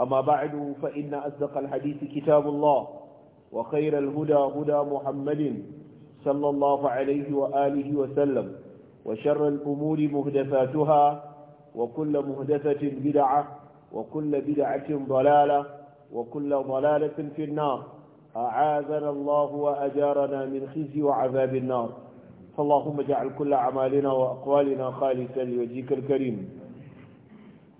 أما بعد فإن أصدق الحديث كتاب الله وخير الهدى هدى محمد صلى الله عليه وآله وسلم وشر الأمور مهدفاتها وكل مهدفة بدعة وكل بدعة ضلالة وكل ضلالة في النار أعاذنا الله وأجارنا من خزي وعذاب النار فاللهم اجعل كل أعمالنا وأقوالنا خالصا لوجهك الكريم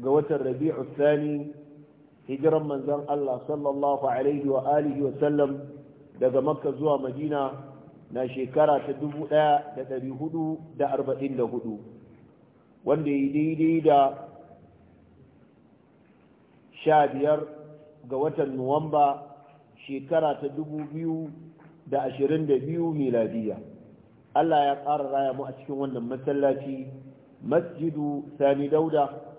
ga watan rabi'u Sani, hijiran manzon Allah sallallahu alaihi wa alihi wa sallam daga makka zuwa madina na shekara ta 1444 wanda ya daidai da 15 ga watan nuwamba shekara ta 2022 miladiya Allah ya ƙara raya mu a cikin wannan masallaci masjidu sani dauda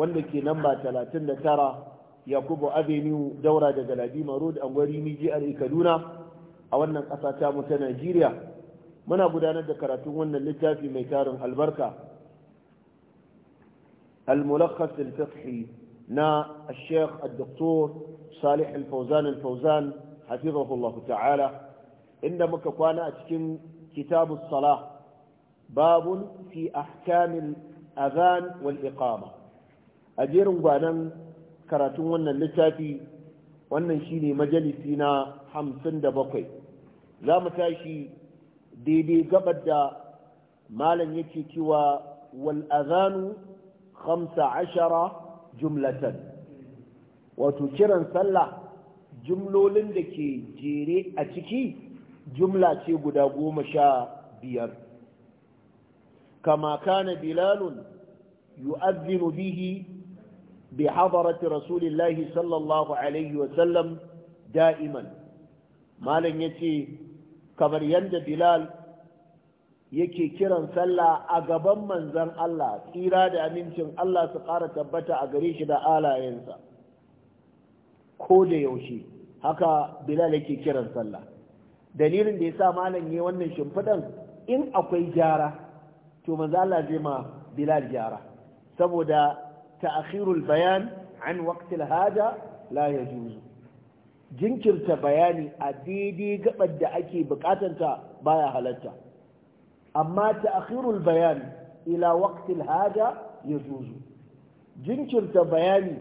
wanda ke namba 39 yakubu avenue daura daga ladima road a gwari niji kaduna a wannan ƙasa ta mu ta najeriya muna gudanar da karatun wannan littafi mai tarin albarka al-mulakhas al-fiqhi na al-sheikh al-doktor salih al-fawzan al-fawzan hafizahullah ta'ala inda muka kwana a cikin kitabus salah babun fi ahkamil azan wal iqama a jerin gwanan karatun wannan littafi wannan shine majalisi na hamsin da bakwai za mu tashi daidai gabar da malam yake cewa wal azanu hamsa ashara jumlatan wato kiran sallah jumlolin da ke jere a ciki jumla ce guda goma sha biyar kama kana bilalun yu'adhdhinu bihi بحضرة رسول الله صلى الله عليه وسلم دائما ما لن يتي كبر يند بلال yake kiran sallah a gaban manzan Allah tsira da amincin Allah su ƙara tabbata a gare shi da alayensa ko da yaushe haka bilal yake kiran sallah dalilin da ya sa malam ya wannan shimfiɗan in akwai gyara to manzan Allah zai ma bilal gyara saboda تأخير البيان عن وقت الهذا لا يجوز jinkirta bayani a daidai gabar da ake bukatanta baya halatta amma ta'khirul bayan ila waqtil ya yajuzu jinkirta bayani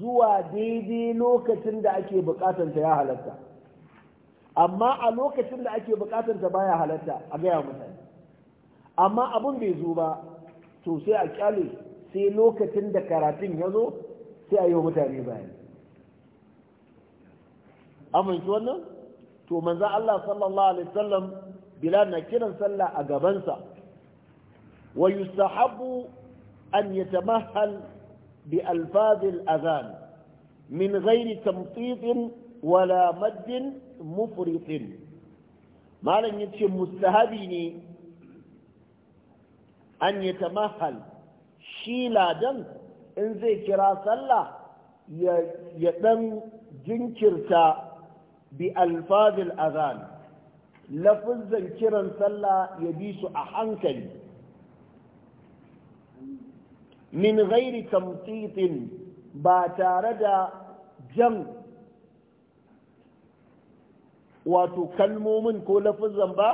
zuwa daidai lokacin da ake bukatanta ya halatta amma a lokacin da ake bukatanta baya halatta a gaya mutane amma abun bai zo ba to sai a kyale sai lokacin da karatun ya zo sai a yi wa mutane bayani amince wannan to manzo Allah sallallahu alaihi wasallam bilal na kiran sallah a gabansa wa yustahabu an yatamahal bi alfaz al-adhan min ghairi tamtit wala madd mufrit malam yace mustahabi ne an yatamahal shi ladan in zai kira sallah ya ɗan jinkirta bi alfazil azan lafizan kiran sallah ya bi su a hankali min gairi tamtitin ba tare da jan wato kalmomin ko lafizan ba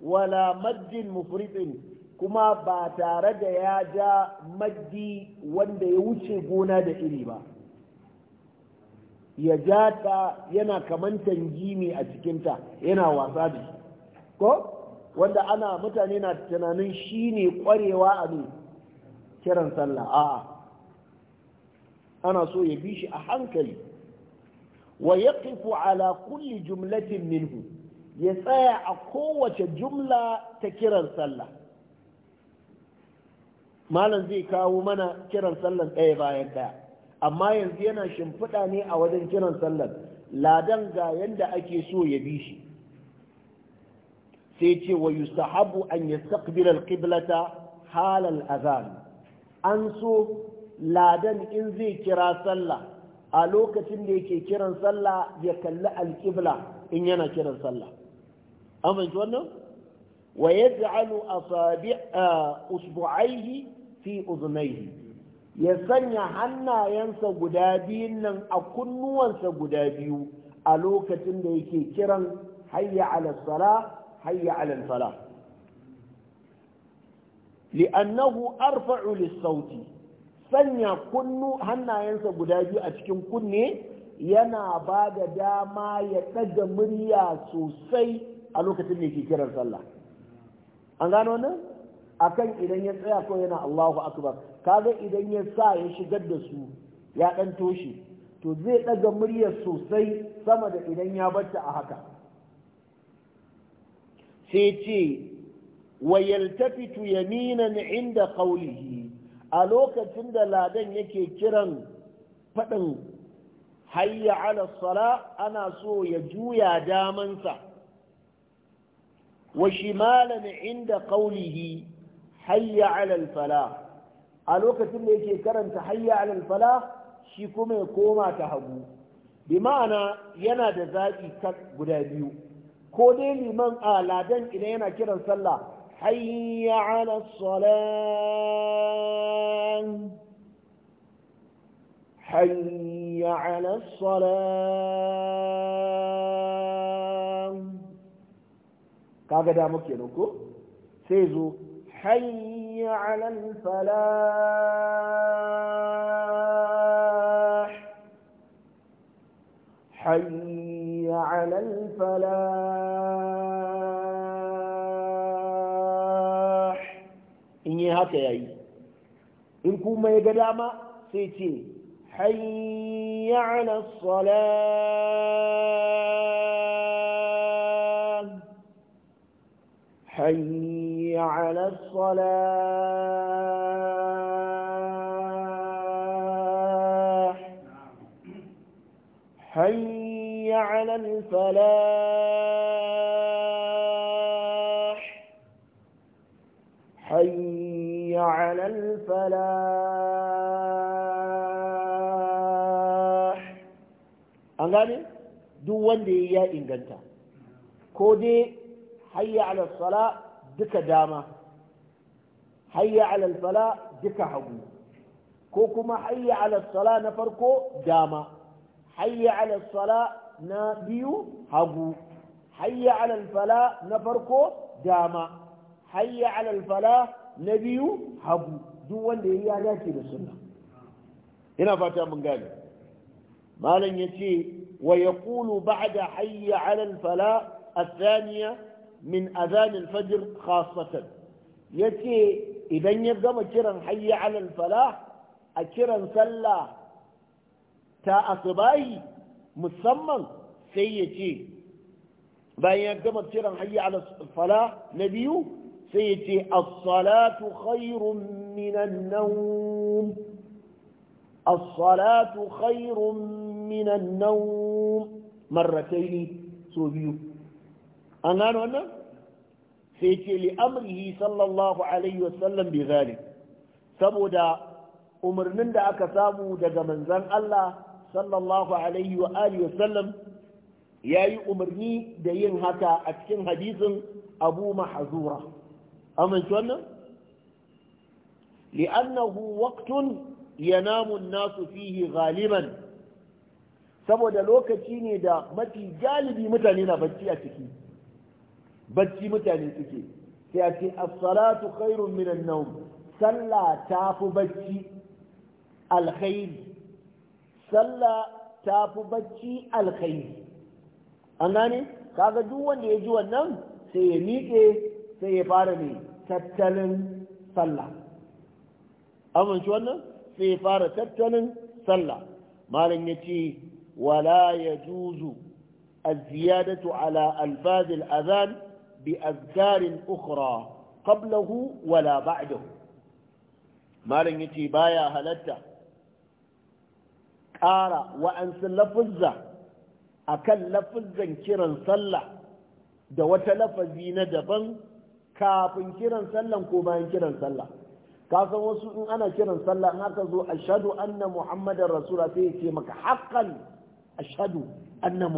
wala maddin mufritin kuma ba tare da ya ja maddi wanda ya wuce gona da iri ba ya ja ta yana kamantan tangimi a cikinta yana wasa da shi. ko wanda ana mutane na tunanin shi ne kwarewa a ne kiran sallah a'a ana so ya bi shi a hankali wa yaqifu ala kulli jumlatin minhu ya tsaya a kowace jumla ta kiran sallah malam zai kawo mana kiran sallan ɗaya bayan ɗaya amma yanzu yana shimfiɗa ne a wajen kiran sallan ladan ga yanda ake so ya bi shi sai ce wa yustahabu an yastaqbila alqiblata halal azan an so ladan in zai kira sallah a lokacin da yake kiran sallah ya kalli alƙibla in yana kiran sallah amince wannan wa yaj'alu asabi' usbu'aihi fi uzunaihi ya sanya hannayensa guda biyun nan a kunnuwansa guda biyu a lokacin da yake kiran hayya ala sala hayya ala sala li'annahu arfa'u lis-sauti sanya kunnu hannayensa guda biyu a cikin kunne yana ba da dama ya ɗaga murya sosai a lokacin da yake kiran sallah an gano nan akan idan ya tsaya ko yana Allahu akbar kaga idan ya sa ya shigar da su ya dan toshe to zai daga muryar sosai sama da idan ya barta a haka sai ce wa yaltafitu yaminan inda qawlihi a lokacin da ladan yake kiran fadin hayya ala sala ana so ya juya damansa wa shimalan inda qawlihi hayya alal fala a lokacin da yake karanta hayya alal fala shi kuma ya koma ta hagu bi ma'ana yana da zaɓi guda biyu ko dai liman a ladan idan yana kiran sallah hayya ala salam hayya ala salam kaga da muke ko sai zo حي على الفلاح حي على الفلاح إني هكا يعي إن كوما يقدام سيتي حي على الصلاح حي على الصلاة حي على الفلاح حي على الفلاح أنا gane duk wanda ya كودي hayya ala duka dama hayya ala fala duka hagu ko kuma hayya ala na farko dama hayya ala na biyu hagu hayya ala fala na farko dama hayya ala fala na biyu hagu duk wanda ya dace da suna ina fata mun gane malam ce wa yaqulu ba'da hayya ala fala saniya. min azanil fajr khasatan yace idan ya gama kiran hayya alal falah a kiran sallah ta asubahi musamman sai ya ce bayan ya gama kiran hayya alal falah na biyu sai ya ce as-salatu khairun minan nawm as-salatu khairun minan nawm marrataini so biyu an gano wannan sai ce li sallallahu alaihi wasallam bi zalik saboda umarnin da aka samu daga manzan Allah sallallahu alaihi wa alihi wasallam yayi umarni da yin haka a cikin hadisin Abu Mahazura. amince wannan li'annahu waqtun yanamu an-nasu fihi ghaliban saboda lokaci ne da mafi galibi mutane na a ciki bacci mutane suke sai a ce as-salatu khairun min an-nawm sallah fi bacci alkhairi sallah ta fi bacci alkhairi an gane kaga duk wanda ya ji wannan sai ya miƙe sai ya fara ne tattalin sallah amince wannan sai ya fara tattalin sallah malam ya ce wala ya juzu الزيادة على ألفاظ الأذان بأذكار أخرى قبله ولا بعده ما baya يتي بايا هلتا قارا وأنس لفزة أكل sallah كرا صلى دوت لفزين daban kafin kiran sallan ko bayan kiran sallah kasan wasu in ana kiran sallah in aka zo ashadu anna muhammadan rasulullah sai ya maka anna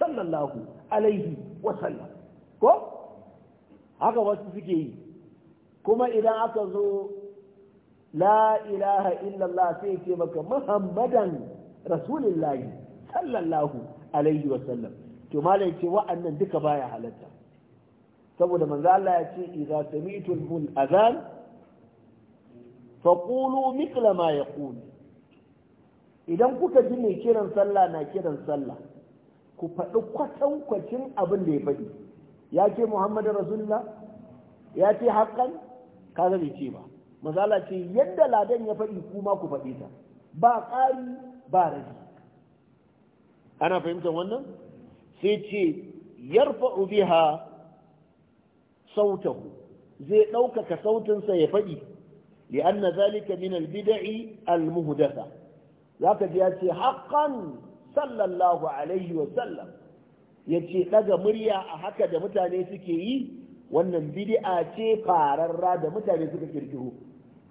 sallallahu alaihi wasallam ko haka wasu suke yi kuma idan aka zo la ilaha illallah sai ce maka muhammadan rasulillahi sallallahu alaihi wasallam to malai ce wa'annan duka baya halatta saboda manzo Allah ya ce idza sami'tul mul azan faqulu mithla ma yaqul idan kuka ji mai kiran sallah na kiran sallah ku faɗi kwatankwacin abin da ya faɗi ya ce muhammadu rasulullah ya ce haƙƙan ka bai ce ba misala ce yadda ladan ya faɗi kuma ku faɗi ta ba ƙari ba rage ana fahimtar wannan sai ce yarfa'u biha sautahu zai ɗaukaka sautinsa ya faɗi li'anna zalika min al-bid'i al-muhdatha zaka ji ya ce haqqan sallallahu alaihi wa sallam yace daga murya a haka da mutane suke yi wannan bid'a ce fararra da mutane suka kirkiro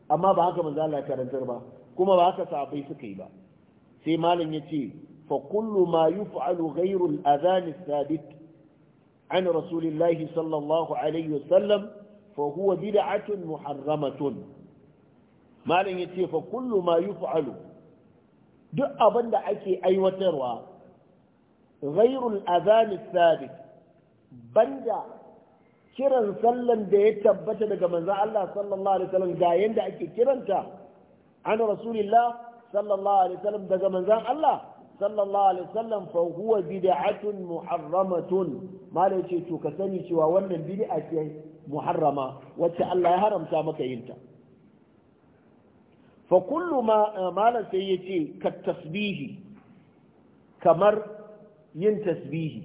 amma ba haka manzo Allah karantar ba kuma ba haka sahabbai suka yi ba sai malam yace fa kullu ma yuf'alu ghayru al-adhan thabit an rasulillahi sallallahu alaihi wa sallam fa huwa bid'atun muharramatun malam yace fa kullu ma yuf'alu duk abin da ake aiwatarwa ghairul azani sabit banda kiran sallan da ya tabbata daga manzo Allah sallallahu alaihi wasallam ga yanda ake kiranta an rasulillah sallallahu alaihi wasallam daga manzon Allah sallallahu alaihi wasallam fa huwa bid'atun muharramatun malai ce to ka sani cewa wannan bid'a ce muharrama wacce Allah ya haramta maka yinta fa kullu ma eh, malam sai ya ce ka tasbihi kamar yin tasbihi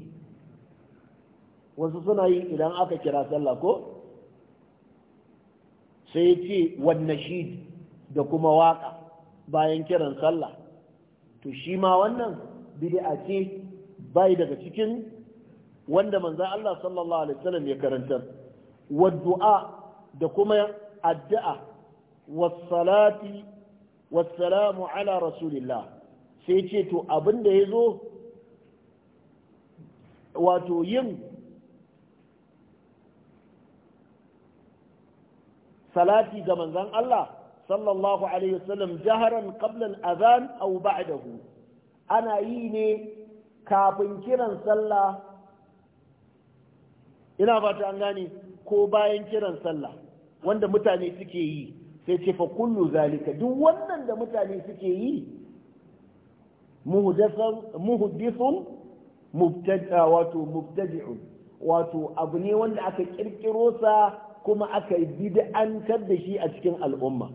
wasu suna yi idan aka kira sallah ko sai ya ce wanne shi da kuma waka bayan kiran sallah to shi ma wannan bid'a ce bai daga cikin wanda manzan Allah sallallahu alaihi wasallam ya karantar wa du'a da kuma addu'a wa salati wassalamu ala rasulillah sai ce to abinda da ya zo wato yin salati ga manzan Allah sallallahu alaihi wasallam jaharan qabla al-adhan aw ba'dahu ana yi ne kafin kiran sallah ina fata an gane ko bayan kiran sallah wanda mutane suke yi sai ce fa kullu zalika duk wannan da mutane suke yi muhdisun mubtada wato mubtadi'un wato abu ne wanda aka kirkiro sa kuma aka bid'antar da shi a cikin al'umma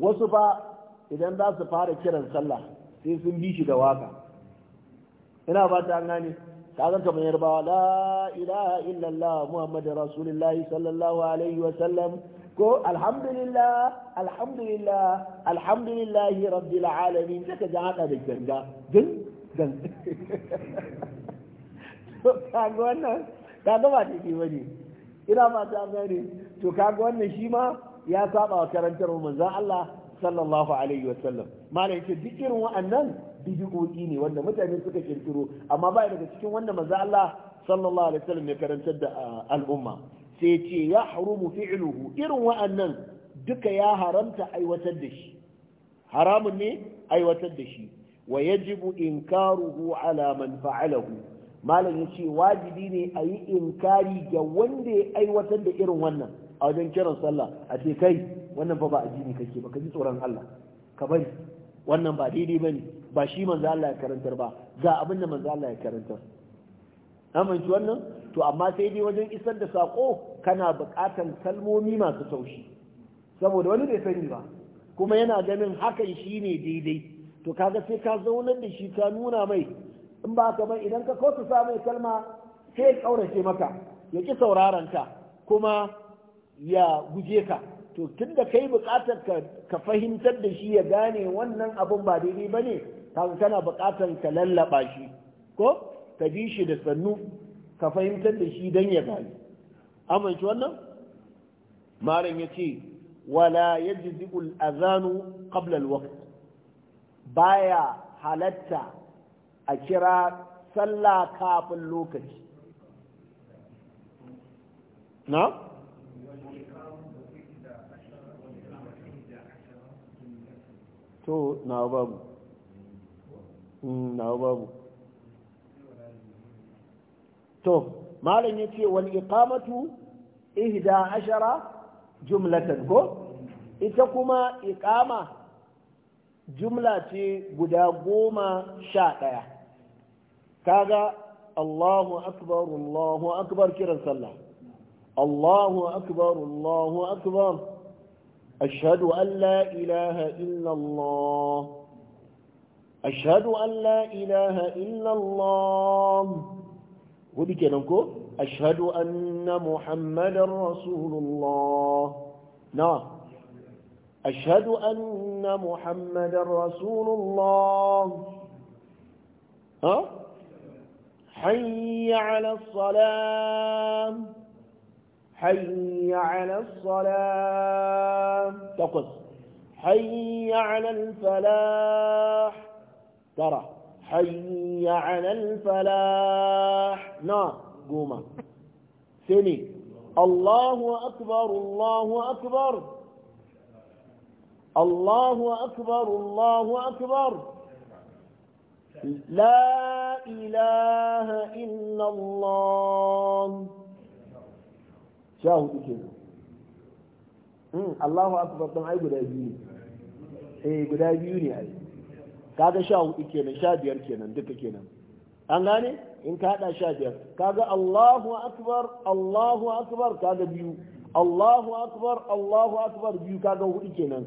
wasu fa idan za su fara kiran sallah sai sun bi shi da waka ina ba ta gane ka zan kamar yarbawa la ilaha illallah muhammadu rasulullahi sallallahu alaihi wa sallam ko alhamdulillah alhamdulillah alhamdulillahi rabbil alamin sai ka ji hada da ganga din dan to kaga wannan kaga ba take bane ina ma ta gane to kaga wannan shi ma ya saba wa karantar manzon Allah sallallahu alaihi wa sallam malai ce duk irin wa'annan bid'o'i ne wanda mutane suka kirkiro amma ba daga cikin wanda maza Allah sallallahu alaihi wasallam ya karantar da al'umma sai ce ya harumu fi'luhu irin wa'annan duka ya haramta aiwatar da shi haramun ne aiwatar da shi wa yajibu inkaruhu ala man fa'alahu malam yace wajibi ne a yi inkari ga wanda ya aiwatar da irin wannan a wajen kiran sallah a ce kai wannan fa ba addini kake ba ka ji tsoron Allah ka bari wannan ba daidai ba ne ba shi manzo Allah ya karantar ba ga abin da manzo Allah ya karantar amince wannan to amma sai dai wajen isar da sako kana buƙatar kalmomi masu taushi saboda wani bai sani ba kuma yana ganin hakan shi ne daidai to kaga sai ka zaunar da shi ka nuna mai in ba ka mai idan ka kautu sa mai kalma sai ya maka ya ki sauraron ka kuma ya guje ka to tun da kai buƙatar ka fahimtar da shi ya gane wannan abin ba daidai ba ne kafin kana buƙatar ka lallaɓa shi ko ka bi shi da sannu ka fahimtar da shi don ya gane amince wannan malam ya ce wala yajzi'ul azanu qabla waƙi ba baya halatta a kira sallah kafin lokaci na to nawa babu hmm, nawa babu to malam ya yace wal iqamatu ihda ashara jumlatan ko ita kuma iqama jumla ce guda goma sha ɗaya kaga Allahu akbar Allahu akbar kiran sallah Allahu akbar Allahu akbar أشهد أن لا إله إلا الله أشهد أن لا إله إلا الله وديك ننكو أشهد أن محمد رسول الله نعم أشهد أن محمد رسول الله ها حي على الصلاة حي على الصلاة تقص حي على الفلاح ترى حي على الفلاح نار قوما سني الله أكبر الله أكبر الله أكبر الله أكبر لا إله إلا الله sha hudu ke nan hmm, Allahu akbar dan ai guda biyu ne eh guda biyu ne ai kaga sha hudu kenan sha biyar kenan duka kenan an gane in ka haɗa sha biyar kaga Allahu akbar Allahu akbar kaga biyu Allahu akbar Allahu akbar biyu kaga hudu kenan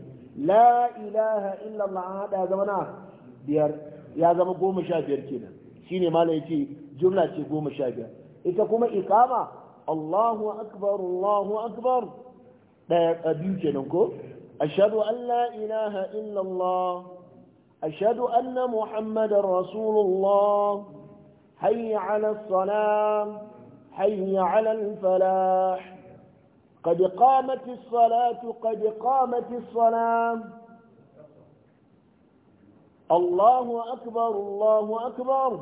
la ilaha illa Allah an haɗa zama na biyar ya zama goma sha biyar kenan shine malai ce, jumla ce goma sha biyar ita kuma ikama الله أكبر الله أكبر أبيك نكو أشهد أن لا إله إلا الله أشهد أن محمد رسول الله حي على الصلاة حي على الفلاح قد قامت الصلاة قد قامت الصلاة الله أكبر الله أكبر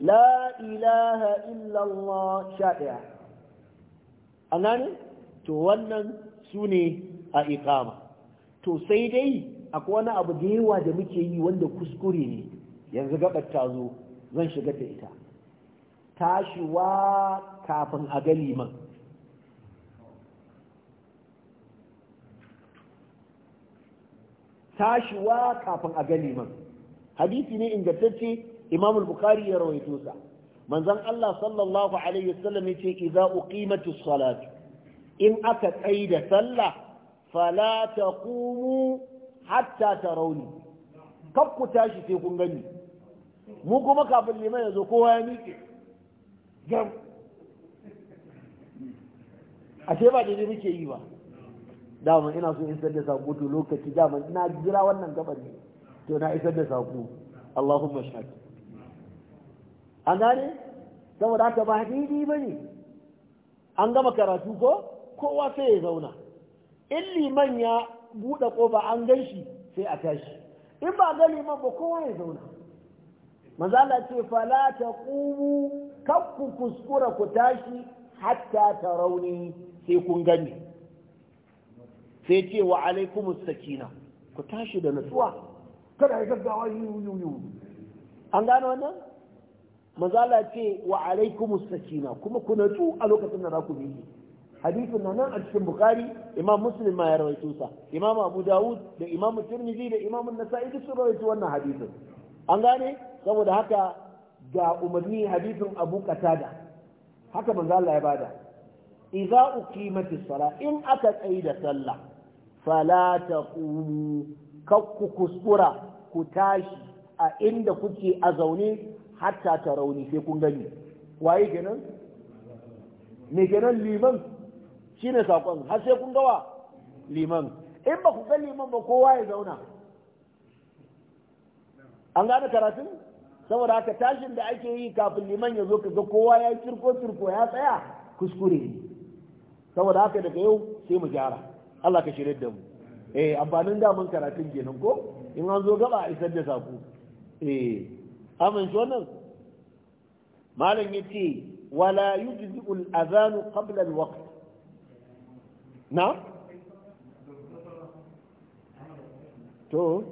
la ilaha illallah sha ɗaya an to wannan su ne a ikama to sai dai akwai wani abu da yawa da muke yi wanda kuskure ne yanzu gabar ta zo zan shiga ta ita tashiwa kafin a ga man. tashiwa kafin a ga man hadisi ne ingantacce imam bukari ya rawaito sa manzon Allah sallallahu alaihi wasallam yace idza uqimatu salatu in aka tsaida sallah fala taqumu hatta tarawni kaf ku tashi sai kun gani mu kuma kafin liman yazo kowa ya miƙe gam ce ba daidai muke yi ba daman ina so isar da sako to lokaci daman ina jira wannan gaban ne to na isar da sako Allahumma shaki an gane saboda haka ba haɗiɗi ba ne an gama karatu ko kowa sai ya zauna in liman ya buɗe ƙofa an gan shi sai a tashi in ba ga liman ba kowa ya zauna manzala ce fala ta ƙubu kakku kuskura ku tashi hatta ta rauni sai kun gani sai ce wa alaikumus sakina ku tashi da nutsuwa kada ya gaggawa yi yi an gane wannan mazala ce wa alaikumus sakina kuma ku natsu a lokacin da za ku miƙe hadisin na nan a cikin Bukhari. imam muslim ma ya rawaito sa imam abu dawud da imam tirmidhi da imam nasa'i duk sun rawaito wannan hadisin an gane saboda haka ga umarni hadisin abu qatada haka manzo Allah ya bada idza uqimatis sala in aka tsaida sallah fala taqumu kakku kuskura ku tashi a inda kuke a zaune hatta ta rauni sai kun gani waye kenan me kenan liman shine sakon har sai kun gawa liman in ba ku ga liman ba kowa ya zauna an gane karatun saboda haka tashin da ake yi kafin liman ya zo ka ga kowa ya cirko cirko ya tsaya kuskure ne saboda haka daga yau sai mu gyara Allah ka shirye da mu eh amfanin mun karatun kenan ko in an zo gaba a isar da sako eh amince wannan malam yace wala yujzi al adhan qabla al na to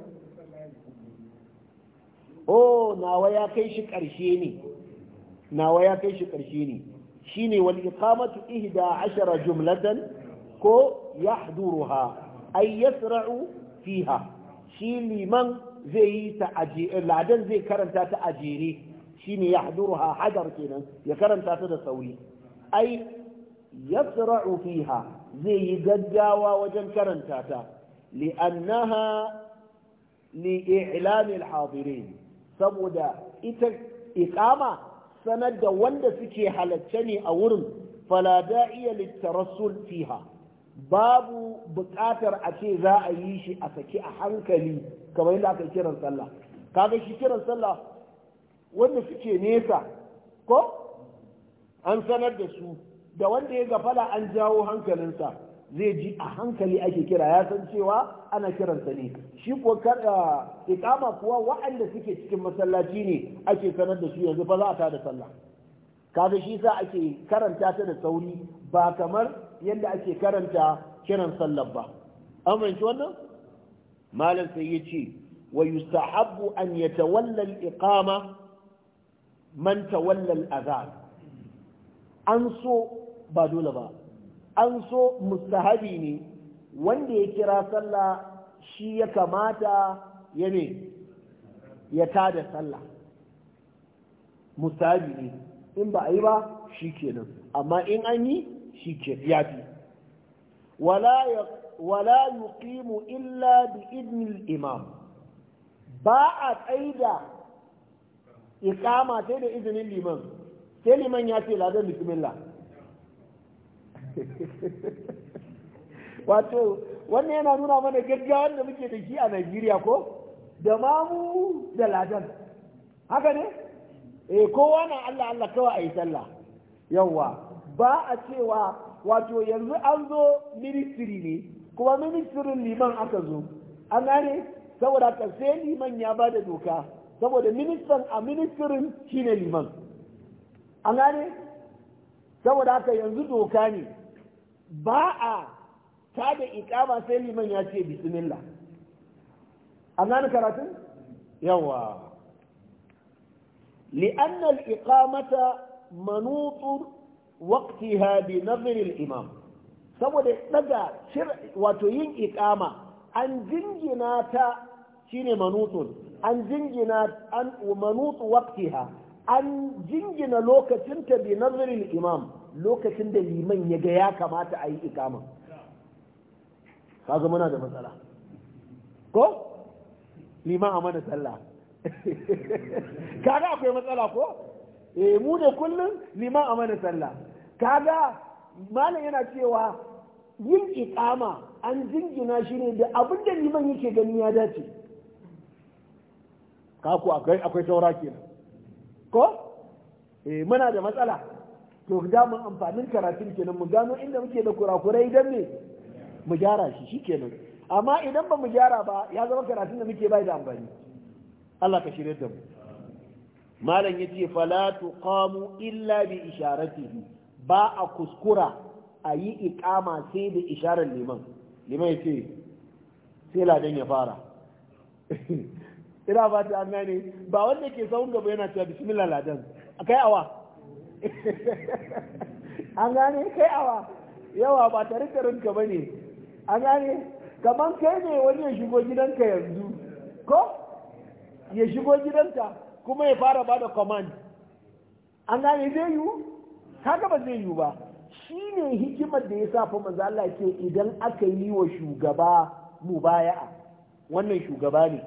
oh nawa ya kai shi ƙarshe ne nawa ya kai shi ƙarshe ne shine wal iqamatu ihda ashara jumlatan ko yahduruha ay yasra'u fiha shi liman zai yi ta ladan zai karanta ta ajere shine ya haduruha hadar kenan ya karanta ta da sauri ai yasra'u fiha zai yi gaggawa wajen karanta ta li'annaha li'i'lami al-hadirin saboda ita iqama sanar da wanda suke halacce ne a wurin fala iya litarassul fiha babu buƙatar a ce za a yi shi a saki a hankali kamar yadda aka yi kiran sallah kaga shi kiran sallah wanda suke nesa ko an sanar da su da wanda ya ga gafala an jawo hankalinsa zai ji a hankali ake kira ya san cewa ana kiransa ne shi ko ikama kuwa waɗanda suke cikin masallaci ne ake sanar da su yanzu ba za a tada sallah kaga shi sa ake karanta ta da sauri ba kamar yadda ake karanta kiran sallar ba an wannan malam sai ya ce wa yustahabbu an yatawalla al-iqama man tawalla al-adhan an so ba dole ba an so mustahabi ne wanda ya kira sallah shi ya kamata ya ne ya tada sallah mustahabi ne in ba a yi ba shi kenan amma in an yi shi ke ya fi wala yuqimu illa bi idnil imam ba a tsaida ikama sai da izinin liman sai liman ya ce ladan bismillah wato wannan yana nuna mana gaggawa wanda muke da shi a Najeriya ko da mamu da ladan haka ne eh kowa na Allah Allah kawai a yi sallah yawa ba a cewa wato yanzu an zo ministry ne kuma ministirin liman aka zo an gane saboda ka sai liman ya ba da doka saboda ministan a ministirin shine liman an gane saboda ta yanzu doka ne ba a ta da ikama sai liman ya ce bismillah an gane karatun yawa لأن الإقامة منوط وقتها بنظر الإمام saboda daga wato yin ikama an jingina ta shine manutun an jingina an manutu waqtiha an jingina lokacin ta bi nazarin imam lokacin da liman ya ga ya kamata a yi ikama kaga muna da matsala ko liman a mana sallah kaga akwai matsala ko eh mu ne kullum liman a mana sallah kaga malam yana cewa yin iqama an jingina shi ne da abin da liman yake gani ya dace ku akwai akwai saura kenan ko eh muna da matsala to da mun amfanin karatun kenan mu gano inda muke da kurakurai dan ne mu gyara shi shikenan amma idan ba mu gyara ba ya zama karatun da muke bai da amfani Allah ka shirye da mu malam yace Falatu tuqamu illa bi isharatihi ba a kuskura a yi iqama sai da isharar liman liman yace sai ladan ya fara ina ba ta an gane ba wanda ke saun gaba yana cewa bismillah ladan kai awa an gane kai awa yawa ba tare da ranka bane an gane kaman kai ne wani ya shigo gidanka yanzu ko ya shigo gidanta kuma ya fara ba da command an gane zai yiwu kaga ba zai yiwu ba shi ne hikimar da ya sa fa manzo ce idan aka yi wa shugaba mubaya'a wannan shugaba ne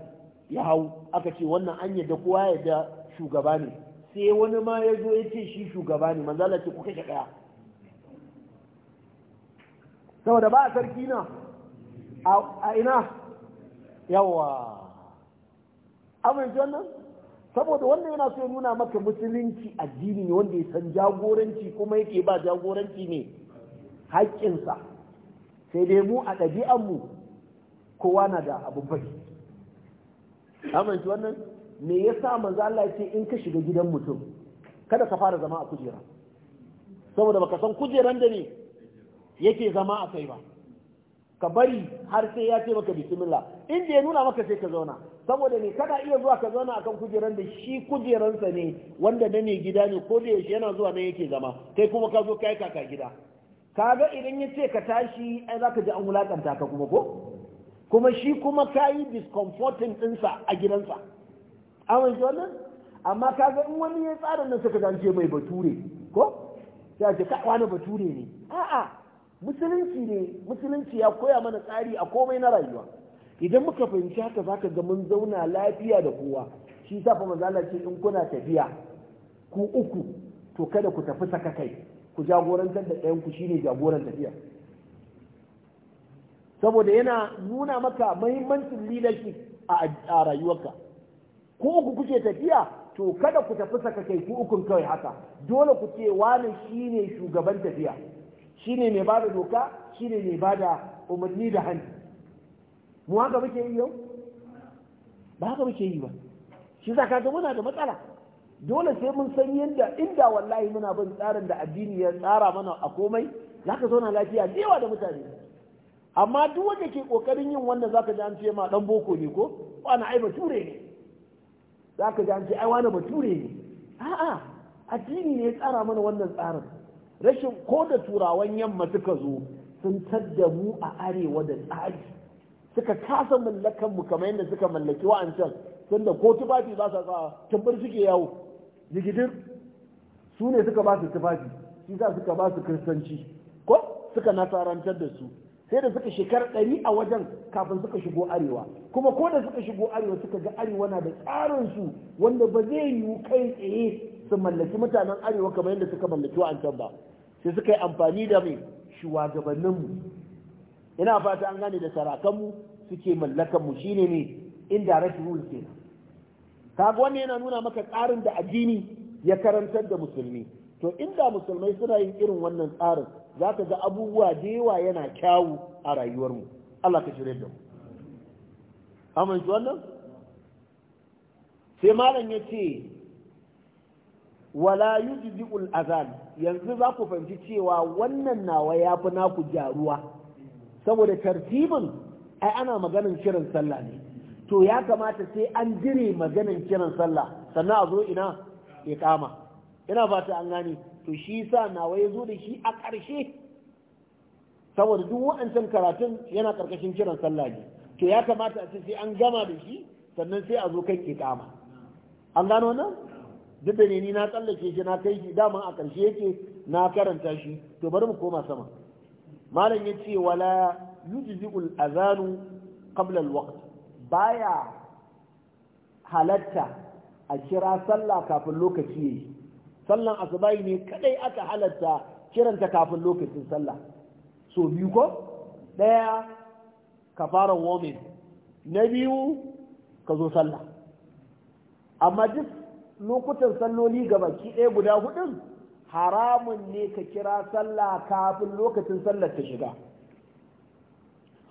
ya hau aka ce wannan an yadda kowa ya shugaba ne sai wani ma ya zo ya ce shi shugaba ne manzo Allah ce ku kashe daya saboda ba a sarki na a ina yawa amince wannan saboda wanda yana so nuna maka musulunci addini ne wanda ya san jagoranci kuma yake ba jagoranci ne haƙƙinsa sai dai mu a mu kowa na da abu bai amince wannan me yasa manzo Allah ya ce in ka shiga gidan mutum kada ka fara zama a kujera saboda baka san kujeran da ne yake zama a kai ba ka bari har sai ya ce maka bismillah inda ya nuna maka sai ka zauna saboda ne kana iya zuwa ka zauna akan kujeran da shi kujeransa ne wanda na ne gida ne ko da yaushe yana zuwa nan yake zama kai kuma ka zo kai kaka gida kaga idan ya ce ka tashi ai zaka ji an wulakanta ka kuma ko kuma shi kuma kayi discomforting ɗinsa a gidansa amince wannan amma kaga in wani ya tsara nan suka zance mai bature ko sai a ce ka wani bature ne a'a musulunci ne musulunci ya koya mana tsari a komai na rayuwa idan muka fahimci haka za ka ga mun zauna lafiya da kowa shi ta fa mazala ce in kuna tafiya ku uku to kada ku tafi saka kai ku jagorantar da ɗayan ku shine jagoran tafiya saboda yana nuna maka mahimmancin leadership a rayuwarka ku uku kuke tafiya to kada ku tafi saka kai ku ukun kawai haka dole ku ce wani shine shugaban tafiya Shi ne mai bada doka shi ne mai bada umarni da hannu mu haka muke yi yau ba haka muke yi ba shi za ka ga muna da matsala dole sai mun san yadda inda wallahi muna bin tsarin da addini ya tsara mana a komai za ka zauna lafiya yawa da mutane amma duk wanda ke kokarin yin wannan za ka ji an ce ma dan boko ne ko wani ai bature ne za ka ji an ce ai wani bature ne a'a addini ne ya tsara mana wannan tsarin rashin ko da turawan yamma suka zo sun tadda mu a arewa da tsari suka kasa mallakan mu kamar yadda suka mallaki wa'ancan da ko tufafi ba su tsawa tabbar suke yawo jigidir su ne suka ba su tufafi shi sa suka ba su kiristanci ko suka nasarantar da su sai da suka shekar ɗari a wajen kafin suka shigo arewa kuma ko da suka shigo arewa suka ga arewa na da tsarin su wanda ba zai yiwu kai tsaye su mallaki mutanen arewa kamar yadda suka mallaki wa'ancan ba sai suka yi amfani da mai shugabanninmu ina fata an gane da sarakanmu suke mallakanmu shi ne indirect rules kenan kaga wannan yana nuna maka tsarin da addini ya karantar da musulmi to inda musulmai suna yin irin wannan tsarin za ka ga abubuwa da yawa yana kyawu a rayuwarmu Allah ka shirya da mu amince wannan sai malam ya ce wala yujzi'ul azan yanzu za ku fahimci cewa wannan nawa ya fi naku jaruwa saboda tartibin ai ana maganin kiran sallah ne to ya kamata sai an jire maganin kiran sallah sannan a zo ina iqama ina fata an gane to shi sa nawa ya zo da shi a ƙarshe saboda duk wa'ancan karatun yana ƙarƙashin kiran sallah ne to ya kamata a ce sai an gama da shi sannan sai a zo kan iqama an gano nan duk da ne ni na tsallake shi na kai shi daman a ƙarshe yake na karanta shi to bari mu koma sama malam ya ce wala yujzi'ul azanu qabla alwaqt baya halatta a kira sallah kafin lokaci yayi sallan asubai ne kadai aka halatta kiranta kafin lokacin sallah so biyu ko daya fara womin na biyu ka zo sallah amma duk lokutan salloli ga baki ɗaya guda hudun haramun ne ka kira sallah kafin lokacin sallar ta shiga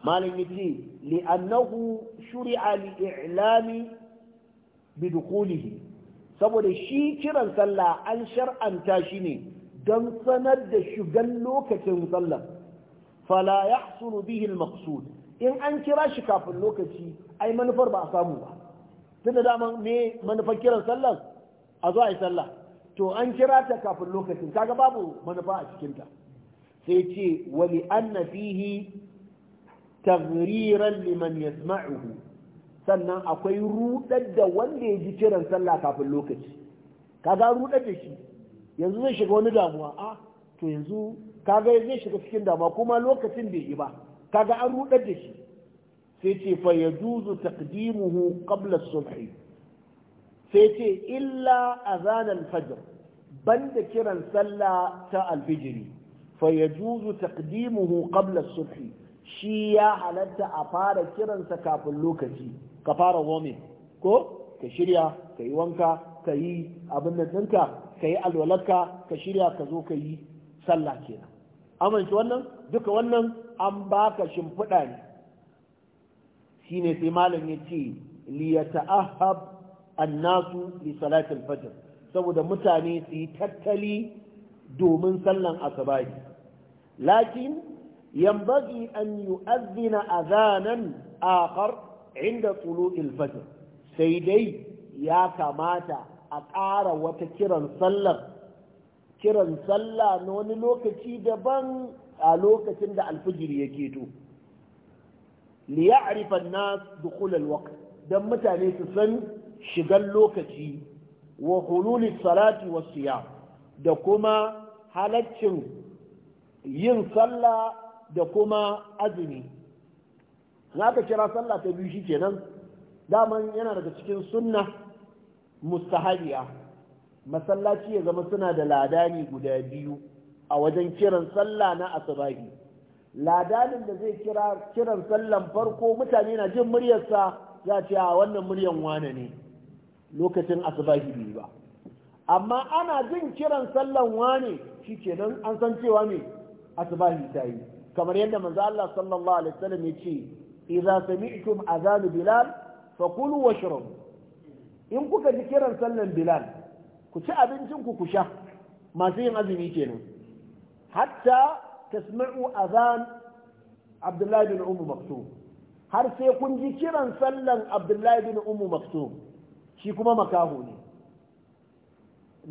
malam yace li'anahu shuri'a li'ilami bi dukulihi saboda shi kiran sallah an shar'anta shi ne don sanar da shigan lokacin sallar fala yahsulu bihi al in an kira shi kafin lokaci ai manufar ba a samu ba tunda daman me manufar kiran sallar a zo a yi sallah to an kira ta kafin lokacin kaga babu manufa a cikinta sai ce wali anna fihi tagriran liman yasma'uhu sannan akwai rudar da wanda ya ji kiran sallah kafin lokaci kaga rudar da shi yanzu zai shiga wani damuwa a ah, to yanzu kaga zai shiga cikin damuwa kuma lokacin bai yi ba kaga an rudar da shi sai ce fa yajuzu taqdimuhu qabla as-subhi sai ce illa azanan fajr banda kiran sallah ta alfijiri fa juzu taqdimuhu qabla as-subh shi ya halatta a fara kiransa kafin lokaci ka fara warming ko ka shirya ka yi wanka ka yi abin da ɗinka ka yi alwalarka ka shirya ka zo ka yi sallah kenan amince wannan duka wannan an baka shimfiɗa ne shine sai malam ya ce liyata'ahab annasu li salatil fajr saboda mutane su yi tattali domin sallan asabari lakin yambagi an yu'adhdhina azanan akhar inda tulu'il fajr sai dai ya kamata a ƙara wata kiran sallar kiran sallah na wani lokaci daban a lokacin da alfijir ya keto liya'rifa an-nas dukhul waqt dan mutane su san shigar lokaci wa hululi salati wa siya da kuma halaccin yin sallah da kuma azumi za ka kira sallah ta biyu shi kenan daman yana daga cikin sunna mustahabiya masallaci ya zama suna da ladani guda biyu a wajen kiran sallah na asubahi ladanin da zai kira kiran sallan farko mutane na jin muryarsa za ce a wannan muryan wane ne lokacin asubahi ne ba amma ana jin kiran sallan wane shikenan an san cewa ne asubahi ta yi kamar yadda manzo Allah sallallahu alaihi wasallam ya ce idza sami'tum azan bilal Fa fakulu washrabu in kuka ji kiran sallan bilal ku ci abincin ku ku sha masu yin azumi kenan hatta tasma'u azan abdullahi bin ummu maktum har sai kun ji kiran sallan abdullahi bin ummu maktum shi kuma makaho ne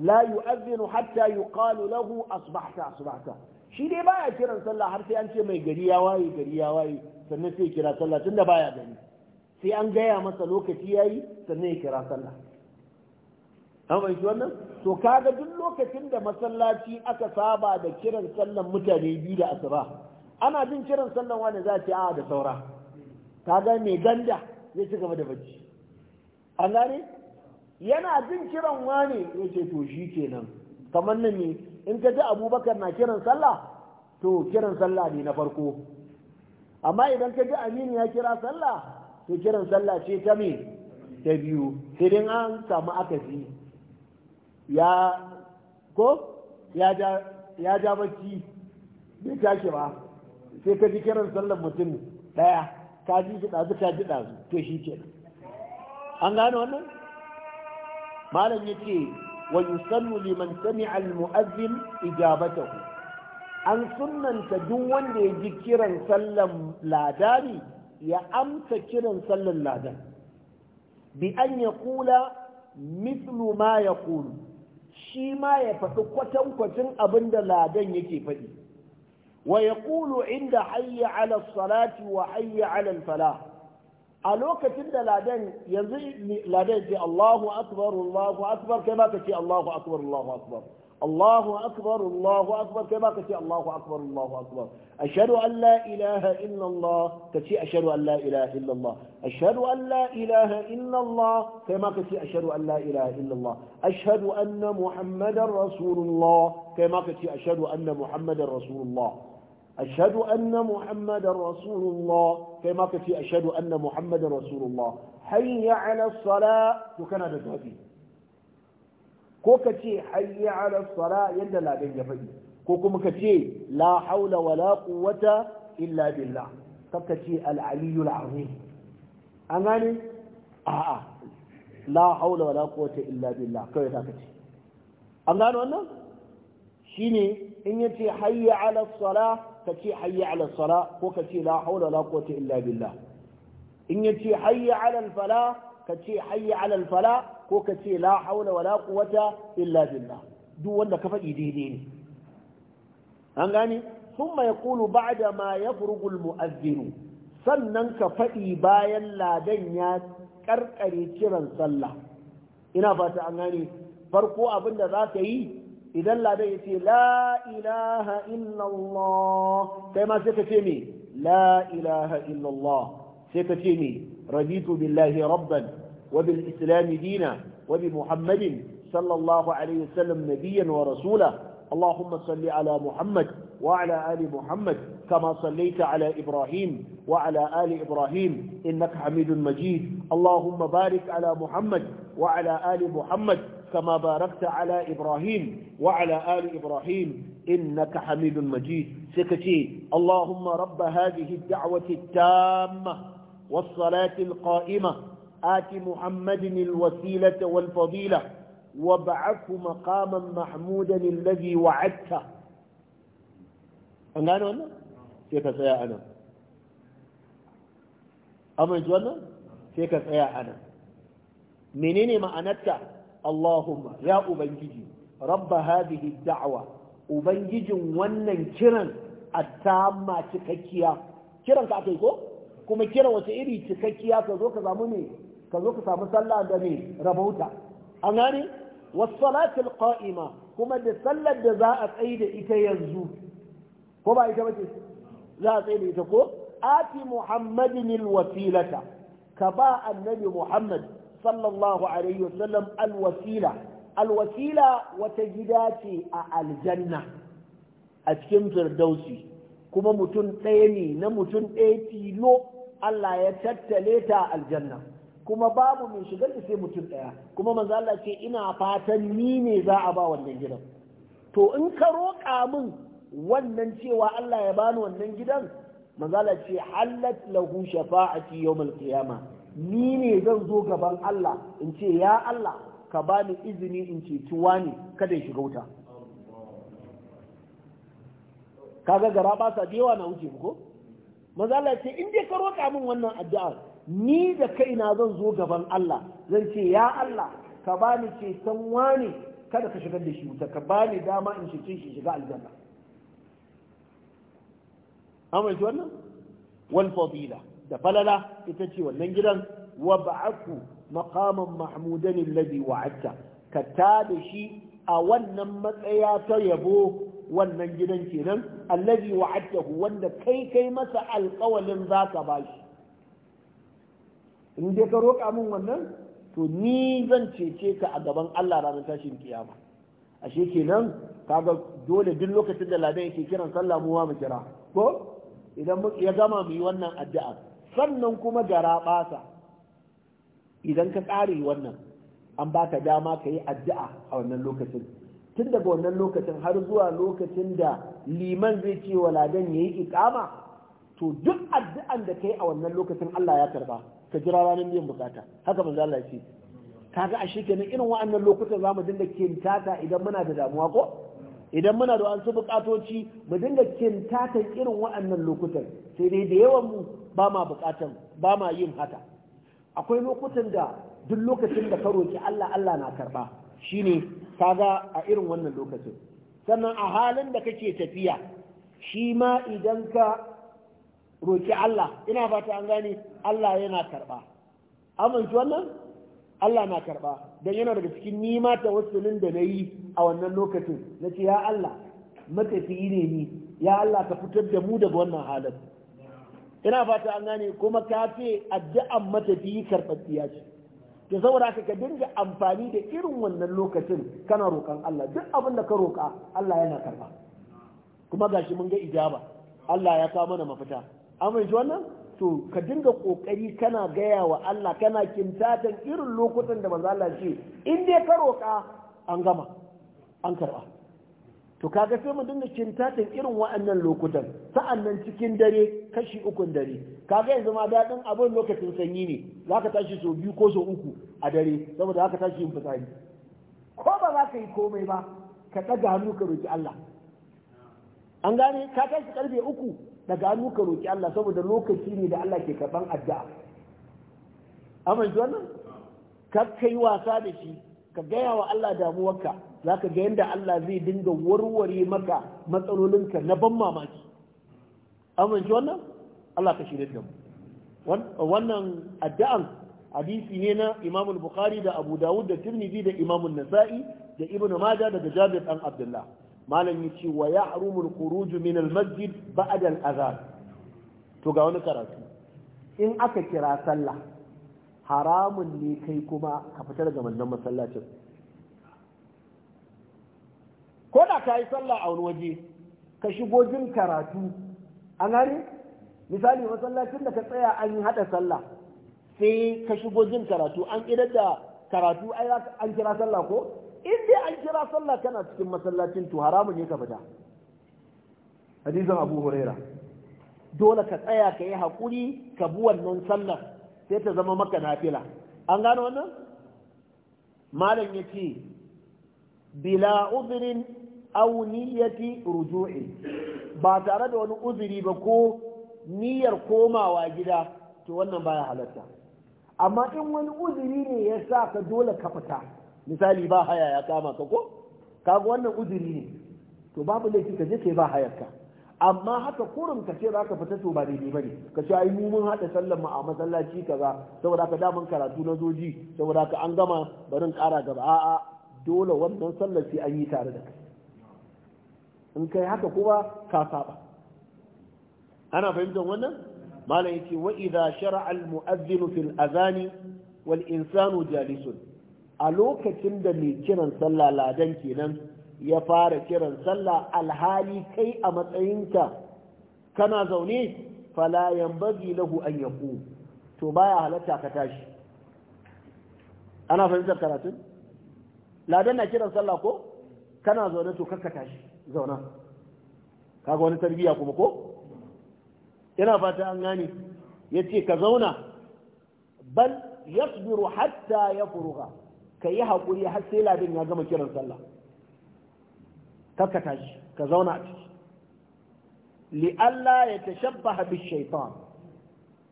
la yu'adhdhinu hatta yuqalu lahu asbahta asbahta shi dai baya kiran sallah har sai an ce mai gari ya waye gari ya waye sannan sai kira sallah tunda baya gari. sai an gaya masa lokaci yayi sannan ya kira sallah an fahimci wannan to kaga duk lokacin da masallaci aka saba da kiran sallan mutane biyu da asuba ana jin kiran sallan wani za ce a ah, da saura kaga mai ganda ya ci gaba da bacci an gane yana jin kiran wane ya ce to shi kenan kamar nan ne in ka ji abubakar na kiran sallah to kiran sallah ne na farko amma idan ka ji aminu ya kira sallah to kiran sallah ce ta me ta biyu sai an samu akasi ya ko ya ja ya ja bacci bai tashi ba sai ka ji kiran sallah mutum daya ka ji shi ɗazu ka ji ɗazu to shi kenan an gane wannan malam yace wa yusallu liman sami'a al-mu'adhdhin ijabatahu an sunanta duk wanda ya ji kiran sallan ladari ya amsa kiran sallan ladan bi an kula, mithlu ma yaqulu shi ma ya faɗi kwatankwacin abin da ladan yake faɗi wa Kulu inda hayya ala salati wa hayya ala falah a lokacin da ladan yanzu ladan ce Allahu akbar Allahu akbar kai ma ka ce Allahu akbar Allahu akbar Allahu akbar Allahu akbar kai ma ka ce Allahu akbar Allahu akbar ashhadu an la ilaha illa Allah ka ce ashhadu an la ilaha illa Allah ashhadu an la ilaha illa Allah kai ma ka ce ashhadu an la ilaha illa Allah ashhadu anna muhammadar rasulullah kai ma ka ce ashhadu anna muhammadar rasulullah أشهد أن محمد رسول الله كما كتي أشهد أن محمد رسول الله حي على الصلاة وكان هذا تهدي ko ka ce hayya ala sala yadda ladan ya faɗi ko kuma ka la haula wala quwwata illa billah ka ka ce al an gane a'a la haula wala quwwata illa billah kawai an gane wannan shine in yace hayya ka ce hayya ala sala ko ka ce la haula la quwwata illa billah in ya ce hayya ala al fala ka ce hayya ala al fala ko ka ce la haula wala quwwata illa billah duk wanda ka faɗi daidai ne an gane ثم يقول بعد ما يفرغ المؤذن sannan ka faɗi bayan ladan ya karkare kiran sallah ina fata an gane farko abin da za ka yi إذا لا لا إله إلا الله كما سكتمي لا إله إلا الله سكتمي رضيت بالله ربا وبالإسلام دينا وبمحمد صلى الله عليه وسلم نبيا ورسولا اللهم صل على محمد وعلى آل محمد كما صليت على إبراهيم وعلى آل إبراهيم إنك حميد مجيد اللهم بارك على محمد وعلى آل محمد كما باركت على إبراهيم وعلى آل إبراهيم إنك حميد مجيد سكتي اللهم رب هذه الدعوة التامة والصلاة القائمة آت محمد الوسيلة والفضيلة وابعثه مقاما محمودا الذي وعدته أنا أنا سيا أنا أما جوانا سيا أنا منين معناتك Allahumma ya ubangiji rabba hadhihi da'wa ubangijin wannan kiran attamma cikakkiya kiran ka yi ko kuma kiran wace iri cikakkiya ka zo ka samu ne ka zo ka samu sallah da ne rabauta an gane was qaima kuma da sallar da za a tsaye da ita yanzu ko ba ita bace za a tsaye da ita ko ati muhammadin wasilata ka ba annabi muhammad sallallahu alaihi wasallam alwasila alwasila wata gida ce a aljanna a cikin firdausi kuma mutum ɗaya ne na mutum ɗaya tilo Allah ya tattale ta aljanna kuma babu mai shigar da sai mutum ɗaya kuma manzo Allah ce ina fatan ni ne za a ba wannan gidan to in ka roƙa min wannan cewa Allah ya bani wannan gidan manzo Allah ce halat lahu shafa'ati yawmal qiyamah ni ne zan zo gaban Allah in ce ya Allah ka ba ni izini in ceci wani kada ya shiga wuta ka gara ba sa da yawa na wuce ko maza Allah ce in dai ka roƙa min wannan addu'a ni da kaina zan zo gaban Allah zan ce ya Allah ka ba ni ceton wani kada ka shigar da shi wuta ka ba ni dama in cece shi shiga aljanna amma wannan wal fadila da falala ita ce wannan gidan wa ba'aku maqaman mahmudan alladhi wa'adta ka da shi a wannan matsaya ta yabo wannan gidan kenan allazi wa'adtahu wanda kai kai masa alƙawalin zaka shi. in dai ka roƙa min wannan to ni zan cece ka a gaban Allah ranar tashin kiyama ashe kenan kaga dole duk lokacin da ladan yake kiran sallah mu ma mu kira ko idan ya gama mu yi wannan addu'a sannan kuma garaɓasa, idan ka ƙare wannan an ba ka dama ka yi addu'a a wannan lokacin tun daga wannan lokacin har zuwa lokacin da liman zai ce wa ladan ya yi ikama to duk addu'an da ka yi a wannan lokacin Allah ya karba ka jira ranar biyan bukata haka manzo Allah ya ce kaga ashe kenan irin wa'annan lokutan zamu dinga kintata idan muna da damuwa ko idan muna da wasu bukatoci mu dinga kintatan irin waɗannan lokutan sai dai da yawan mu ba ma bukatan ba ma yin haka akwai lokutan da duk lokacin da ka roki Allah Allah na karba shine kaga a irin wannan lokacin sannan a halin da kake tafiya shi ma idan ka roki Allah ina fata an gane Allah yana karba amince wannan Allah na karba dan yana daga cikin nima ta wasulin da nayi a wannan lokacin na ce ya Allah matafiyi ne ni ya Allah ka fitar da mu daga wannan halin ina fata an gane kuma ka ce addu'an matafiyi karɓaɓɓiya ce to saboda ka dinga amfani da irin wannan lokacin kana roƙon Allah duk abin da ka roƙa Allah yana karɓa kuma gashi mun ga ijaba Allah ya kawo mana mafita yanzu wannan to ka dinga kokari kana gaya wa Allah kana kintatan irin lokutan da manzo Allah ce in dai ka roka an gama an karɓa to kaga sai mu dinga kintatan irin wa'annan lokutan sa'annan cikin dare kashi ukun dare kaga yanzu ma daɗin abin lokacin sanyi ne za ka tashi sau biyu ko sau uku a dare saboda za ka tashi yin fitsari ko ba za ka yi komai ba ka ɗaga hannu ka roƙi Allah an gane ka tashi karfe uku daga hannu ka roƙi Allah saboda lokaci ne da Allah ke karɓan addu'a amince wannan kar ka kai wasa da shi ka gaya wa Allah damuwarka za ka ga yadda Allah zai dinga warware maka matsalolinka na ban mamaki amince wannan Allah ka shirya da mu wannan addu'an hadisi ne na imamul Bukhari da Abu Dawud da Tirmidhi da imamun Nasa'i da Ibn maja daga Jabir dan Abdullah malam ya wa ya al kuruju min al-masjid ba'ad al-adhan to ga wani karatu in aka kira sallah haramun ne kai kuma ka fita daga wannan masallacin ko da ka yi sallah a wani waje ka shigo jin karatu an gane misali masallacin da ka tsaya an yi haɗa sallah sai ka shigo jin karatu an idar da karatu an kira sallah ko in dai an kira sallah kana cikin masallacin to haramun ne ka fita hadisin abu huraira dole ka tsaya ka yi haƙuri ka bi wannan sallah, sai ta zama maka nafila an gano wannan malam ya ce bila uzurin aw niyyati ruju'i ba tare da wani uzuri ba ko niyyar komawa gida to wannan baya halatta amma in wani uzuri ne ya sa ka dole ka fita misali ba haya ya kama ka ko kaga wannan uzuri ne to babu laifi ka je kai ba hayarka amma haka kurin ka ce zaka fita to ba daidai bane ka ce ai mu mun hada sallar mu a masallaci kaza saboda ka da mun karatu na zoji saboda ka an gama barin kara gaba a'a dole wannan sallar sai an yi tare da kai in kai haka kuma ka saba ana fahimtar wannan malam yace wa idza shar'a al mu'adhdhin fil adhani wal insanu jalisun a lokacin da mai kiran sallah ladan kenan ya fara kiran sallah alhali kai a matsayinka kana zaune fala yanbaghi lahu an yaqum to baya halatta ka tashi ana fahimtar karatun ladan na kiran sallah ko kana zaune to kakka tashi zauna kaga wani tarbiya kuma ko ina fata an gane yace ka zauna bal yasbiru hatta yafruha ka yi hakuri har sai ladan ya gama kiran sallah kakka tashi ka zauna a ciki li'alla ya tashabbaha bi shaitan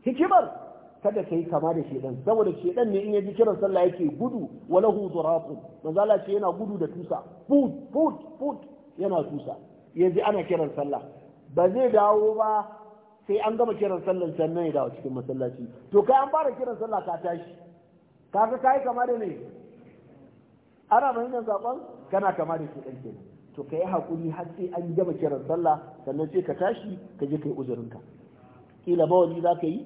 hikimar kada ka yi kama da shedan saboda shedan ne in ya ji kiran sallah yake gudu walahu zuraqun manzala ce yana gudu da tusa put put put yana tusa yanzu ana kiran sallah ba zai dawo ba sai an gama kiran sallah sannan ya dawo cikin masallaci to kai an fara kiran sallah ka tashi ka ga kai kama da ne ana mahimman zaɓen kana kama da shedan kenan to ka yi haƙuri har sai an gama kiran sallah sannan sai ka tashi ka je ka yi uzurinka kila bawali za ka yi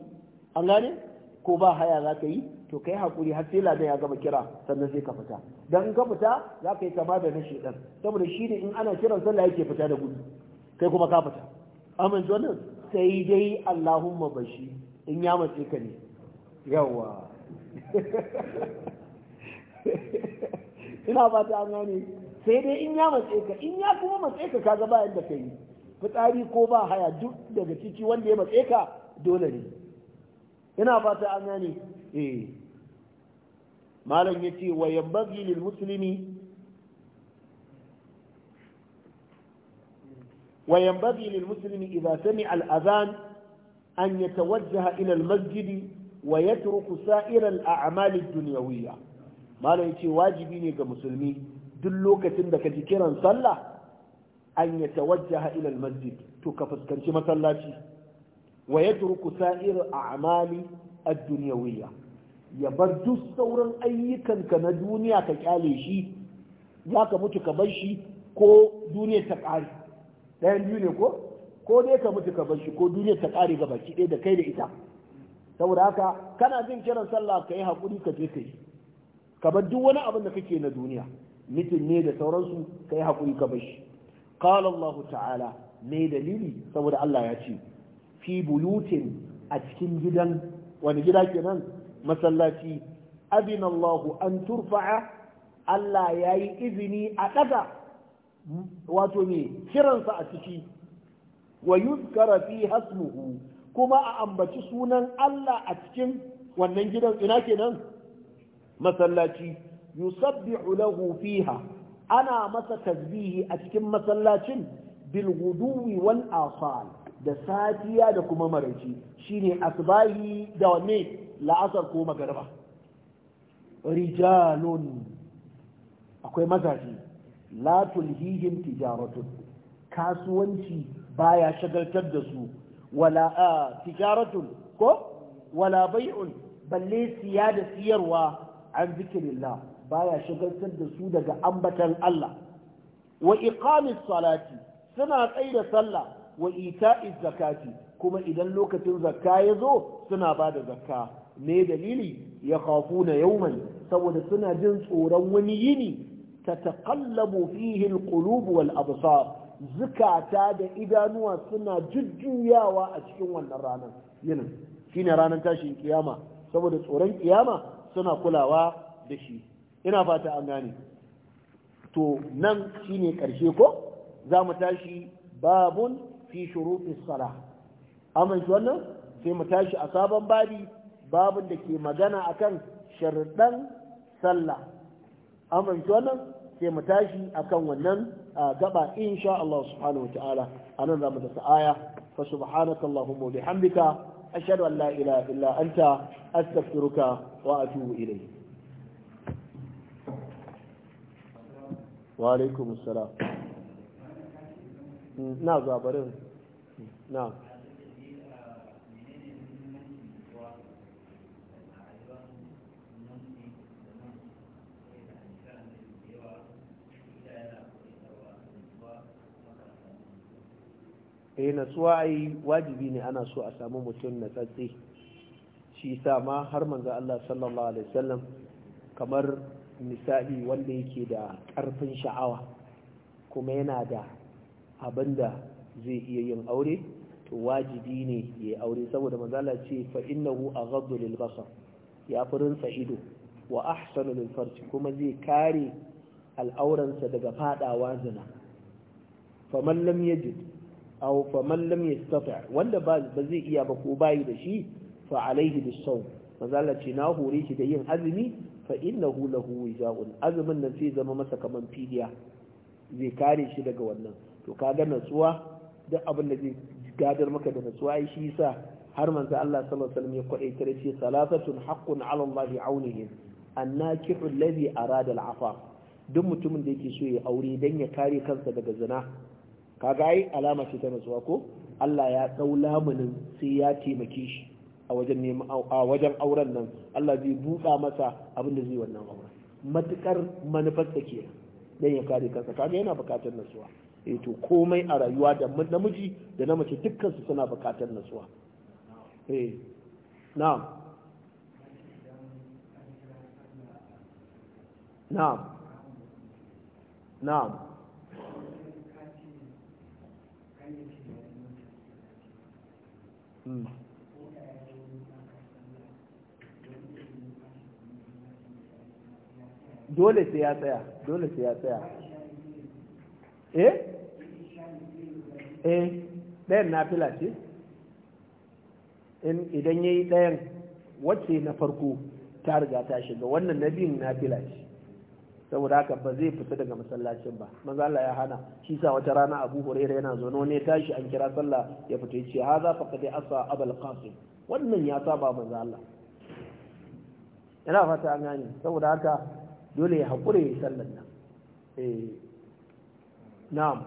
an gane ko ba haya za ka yi to ka yi har sai ladan ya gama kira sannan sai ka fita dan in ka fita za ka yi kama da na shedan saboda shi ne in ana kiran sallah yake fita da gudu kai kuma ka fita amin nan, sai dai allahumma bashi in ya matse ka ne yawa ina ba ta gane sai dai in ya matse ka in ya kuma matse ka kaga ba yadda ka yi fitsari ko ba haya duk daga ciki wanda ya matse ka dole ne ina fata an gane eh malam yace wa yabghi lil muslimi wa yabghi lil muslimi idha sami'a al adhan an yatawajjaha ila al masjid wa yatruku sa'ir al a'mal ad dunyawiyya malam yace wajibi ne ga musulmi duk lokacin da ka ji kiran sallah an yatawajjaha ila al masjid to ka fuskanci masallaci wa yatruku sa'ir a'mali ad-dunyawiyya ya bar duk sauran ayyukanka na duniya ka kyale shi za ka mutu ka bar shi ko duniya ta ƙare ɗayan biyu ne ko ko dai ka mutu ka bar shi ko duniya ta ƙare ga baki ɗaya da kai da ita saboda haka kana jin kiran sallah ka yi hakuri ka je ka yi ka bar duk wani abin da kake na duniya Mutum ne da sauransu ka yi hakuri ka bar shi qala Allah ta'ala me dalili saboda Allah ya ce fi buyutin a cikin gidan wani gida kenan masallaci abin Allahu an turfa'a Allah ya yi izini a ɗaga wato ne kiransa a ciki wa yuzkara fi hasmuhu kuma a ambaci sunan Allah a cikin wannan gidan ina kenan masallaci yusabbihu lahu fiha ana masa tasbihi a cikin masallacin bil wal asal da safiya da kuma maraice shine asbahi da wanne la'asar ko magarba rijalun akwai mazaje la tulhihim tijaratun kasuwanci baya shagaltar da su wala a tijaratun ko wala bai'un balle siya da siyarwa an zikirillah baya shagaltar da su daga ambatan Allah wa iqamis salati suna tsaye da sallah wa ita'iz zakati kuma idan lokacin zakka ya zo suna ba da zakka me dalili ya na yauman? saboda suna jin tsoron wani yini tataqallabu fihi alqulub wal absar zukata da idanuwa suna jujjuyawa a cikin wannan ranar yinin shine ranar tashin kiyama saboda tsoron kiyama suna kulawa da shi ina fata an gane to nan shine ƙarshe ko za mu tashi babun fi shurutis sala amin shi wannan sai mu tashi a sabon babi babin da ke magana akan sharuɗan sallah amin shi wannan sai mu tashi akan wannan gaba insha Allah subhanahu a anan zamu da aya fa subhanaka allahumma bihamdika ashhadu an la ilaha illa anta astaghfiruka wa atubu ilayk wa alaikum na zuwa barin na eh a yi wajibi ne ana so a samu mutum na tsatsi shi sa ma har manzo Allah sallallahu alaihi wasallam kamar misali wanda yake da karfin sha'awa kuma yana da abinda zai iya yin aure to wajibi ne ya aure saboda manzala ce fa innahu aghaddu lil basar ya furinsa ido wa ahsanu lil farji kuma zai kare al'auransa daga fadawa zina faman lam yajid aw faman lam wanda ba zai iya ba ko bayi da shi fa alaihi bis sawm manzala ce na hore shi da yin azumi fa innahu lahu wija'un azumin nan sai zama masa kamar fidiya zai kare shi daga wannan to kaga natsuwa duk abin da zai gadar maka da natsuwa ai shi yasa har manzo Allah sallallahu alaihi wasallam ya kwaita tare shi salatatun haqqun ala Allah aunihim annakihu alladhi arada al'afa duk mutumin da yake so ya aure dan ya kare kansa daga zina kaga ai alama ce ta natsuwa ko Allah ya dau lamunin sai ya taimake shi a wajen neman a wajen auren nan Allah zai buɗa masa abin da zai wannan auren matukar manufarsa kenan dan ya kare kansa kaga yana bukatar natsuwa eh to komai a rayuwa da namiji da na mace dukkan su suna bukatar nasuwa eh na'am na'am na'am hmm. dole sai ya tsaya dole sai ya tsaya eh eh ɗayan na fila ce idan ya yi ɗayan wacce na farko ta riga ta shiga wannan na biyun fila ce saboda haka ba zai fita daga masallacin ba maza Allah ya hana shi sa wata rana Abu Hurairah yana zo ne tashi an kira sallah ya fita ya ce haza faqad asa abul qasim wannan ya saba manzo Allah ina fata an gane saboda haka dole ya hakure ya sallan nan eh. na'am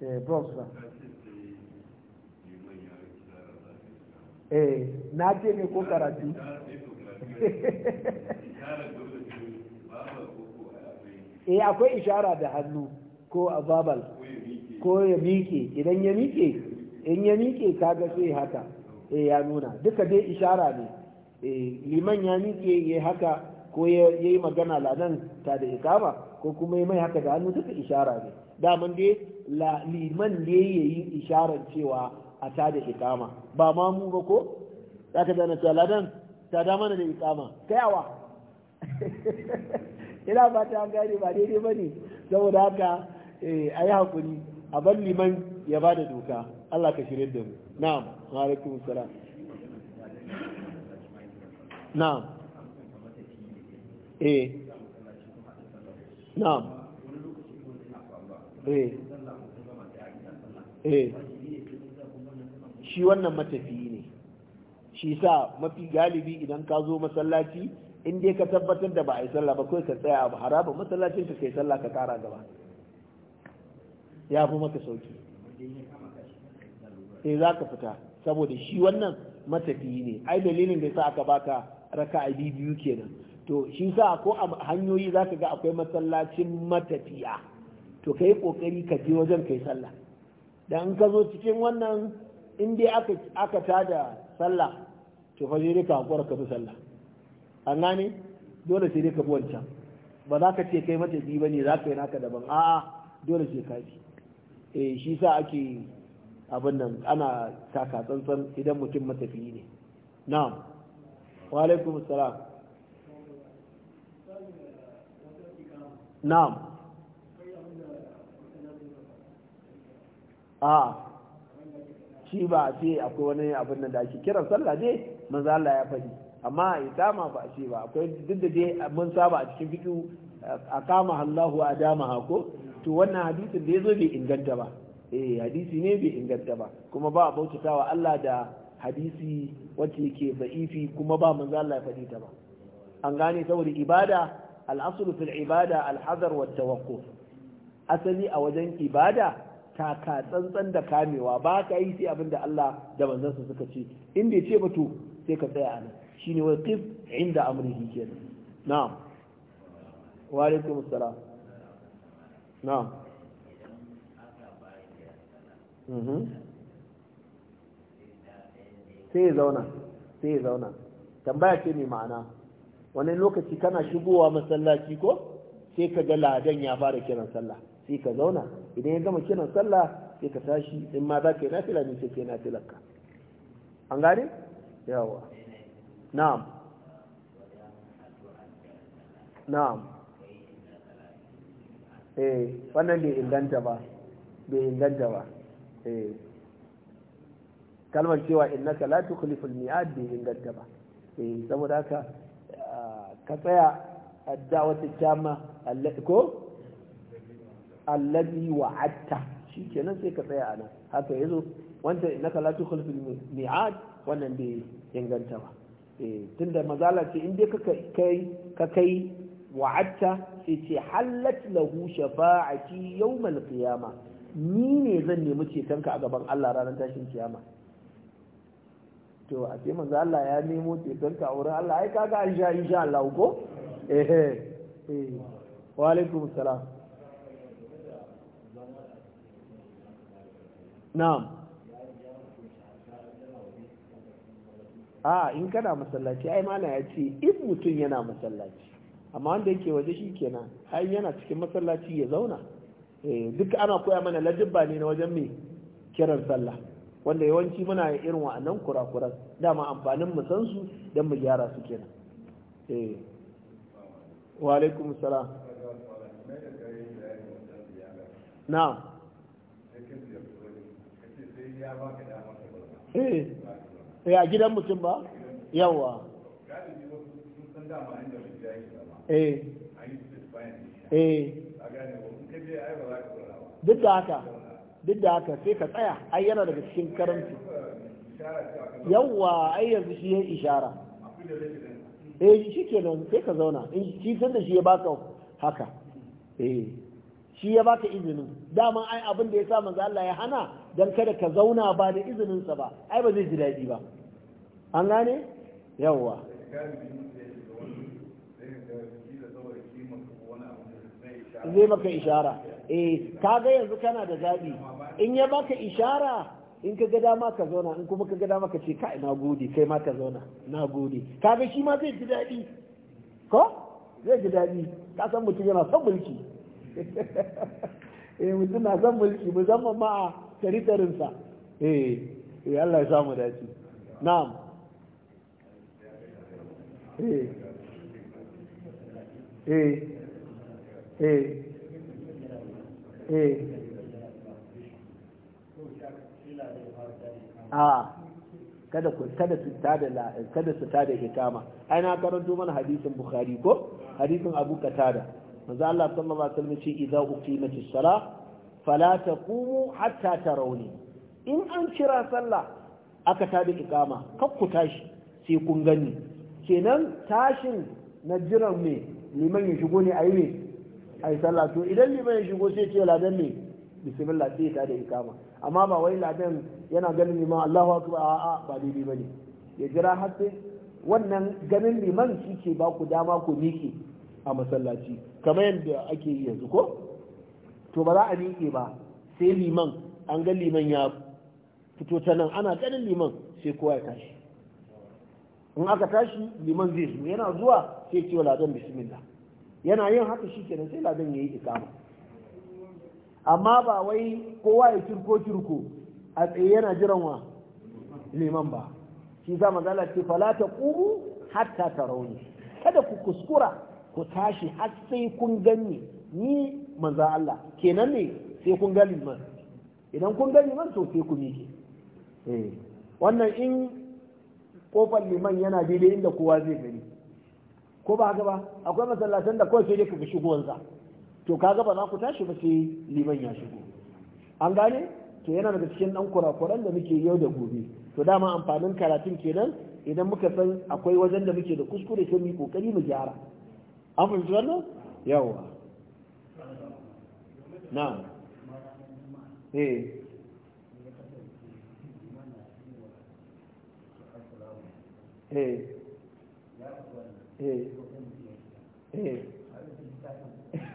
eh prof eh na ce ne ko karatu eh akwai ishara da hannu ko a babal ko ya miƙe idan ya miƙe in ya miƙe kaga sai haka eh ya nuna duka dai ishara ne eh liman ya miƙe ya haka ko ya yi magana ladan ta da ikama ko kuma ya mai haka da hannu duka ishara ne daman dai liman ne ya yi isharar cewa a ta da ikama ba ma mu ba ko za ka zana cewa ladan ta da mana da ikama kayawa ina ba ta gane ba daidai ba ne saboda haka eh, a yi hakuri a ban liman ya ba da doka Allah ka shirin da mu na'am wa salam na'am eh na. eh eh shi wannan matafiyi ne shi sa mafi galibi idan ka zo masallaci in dai ka tabbatar da ba a yi sallah ba kai ka tsaya a haraba masallacin ka kai sallah ka kara gaba ya fi maka sauki sai eh, za ka fita saboda shi wannan matafiyi ne ai dalilin da sa aka baka raka biyu kenan to shi sa ko a hanyoyi za ka ga akwai masallacin matafiya to ka yi ƙoƙari ka je wajen ka yi sallah dan ka zo cikin wannan in dai aka ta tada sallah to fa zai ka ka fi sallah an gane dole sai dai ka bi wancan ba za ka ce kai matafi ba ne za ka yi naka daban a dole sai ka bi eh, shi sa ake abin nan ana taka tsantsan idan mutum matafiyi ne na'am wa alaikum assalam na'am a shi ba a ce akwai wani abin da ake kiran sallah dai manzo Allah ya faɗi amma itama ba a ce ba akwai duk da dai mun saba a cikin a akama Allahu adama ko to wannan hadisin da yazo bai inganta ba eh hadisi ne bai inganta ba kuma ba bautatawa Allah da hadisi wacce yake ba'ifi kuma ba manzo Allah ya faɗi ta ba an gane saboda ibada al'asulu fil ibada alhazar wa tawakkuf asali a wajen ibada ta ka tsantsan da kamewa ba ka yi sai abin da Allah da manzansa suka ce inda ya ce ba sai ka tsaya anan shine wai kif inda amurki ke nan na alaikum assalam na'am sai ya zauna sai ya zauna tambaya ce mai ma'ana wani lokaci kana shigowa masallaci ko sai ka ga ladan ya fara kiran sallah sai ka zauna idan ya gama kiran sallah sai ka tashi in ma za ka yi nafila ne sai ka yi ka. an gane yawa na'am na'am eh wannan bai inganta ba bai inganta ba eh kalmar cewa innaka la tukhliful mi'ad bai inganta ba eh saboda haka ka tsaya addawata kyama ko allazi atta shi kenan sai ka tsaya a nan haka yazo wanda innaka kalatu khulfi mi'ad wannan bai inganta ba eh tunda mazala ce in dai ka kai ka kai atta sai ce halat lahu shafa'ati yawmal qiyama ni ne zan nemi ka a gaban Allah ranar tashin kiyama to a ce manzo Allah ya nemo don ka wurin Allah ai kaga an sha insha Allah ko eh eh, eh. wa alaikum salam na'am a in kana masallaci ai mana ya ce in mutum yana masallaci amma wanda yake waje shi kenan ai yana cikin masallaci ya zauna eh duk ana koya mana ladabba ne na wajen me kiran sallah wanda yawanci muna yin irin wa'annan kurakuran dama amfanin mu san su dan mu gyara su kenan eh wa alaikum salam na'am eh ya eh, gidan mutum ba yawa eh eh duk da haka duk da haka sai ka tsaya ai yana daga cikin karamci yawwa ai yanzu shi ya ishara eh shi kenan sai ka zauna in shi san da shi ya baka haka eh shi ya baka izinin dama ai abin da ya sa manzo Allah ya hana dan kada ka zauna ba da izinin sa ba ai ba zai ji daɗi ba an gane yawwa zai maka ishara eh kaga yanzu kana da zabi in ya baka ishara in ka gada ma ka zauna in kuma ka gada ma ka ce kai na gode kai ma ka zauna na gode ga shi ma zai ji daɗi ko zai ji daɗi ka san mutum yana son mulki eh mutum na son mulki musamman ma a taritarinsa eh eh Allah ya samu dace na'am eh eh eh eh a kada ku kada su tada kada su tada hikama ai na karanto mana hadisin bukhari ko hadisin abu katada manzo Allah sallallahu alaihi wasallam ce idza uqimatis sala fala taqumu hatta tarawni in an kira sallah aka tada hikama kar ku tashi sai kun gani kenan tashin na jiran me liman ya shigo ne ayi me ai sallah to idan liman ya shigo sai ce ladan me bismillah sai ta da ikama amma ba wai ladan yana ganin liman Allahu akbar a'a ba daidai bane ya jira har sai wannan ganin liman shi ke ba ku dama ku miƙe a masallaci kamar yadda ake yi yanzu ko to ba za a miƙe ba sai liman an ga liman ya fito ta nan ana ganin liman sai kowa ya tashi in aka tashi liman zai zo yana zuwa sai ce wa ladan bismillah yana yin haka shi kenan sai ladan ya yi ikama amma ba wai kowa ya kirko kirko a tsaye yana jiran wa liman ba shi za mu mazala ce fala ta ƙuru hatta ta rauni kada ku kuskura ku tashi har sai kun ganni ni manza Allah kenan ne sai kun gani man idan kun gani man, to sai ku miki. Eh, wannan in kofar liman yana daidai inda kowa zai gani ko ba haka ba akwai masallatan da kawai sai dai ka ga shigowansa to kaga ba za ku tashi ba sai liman ya shigo an gane to yana daga cikin dan kurakuran da muke yau da gobe to dama amfanin karatun kenan idan muka san akwai wajen da muke da kuskure sai mu kokari mu gyara an fahimci wannan yawa na eh eh eh eh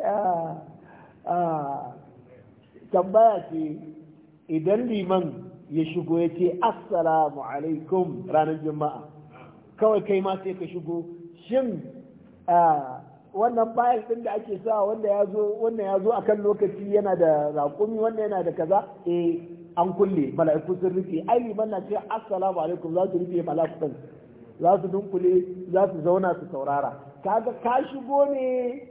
Ah, ah. tambaya ce idan liman ya shigo ya ce assalamu alaikum ranar juma'a kawai kai ma sai ka shigo shin ah, wannan bayan ɗin da ake sa wanda ya zo wannan ya lokaci yana da raƙumi wanda yana da kaza eh an kulle mala'iku sun rufe ai liman na ce assalamu alaikum za su rufe mala'iku za su dunkule za su zauna su saurara kaga ka shigo ne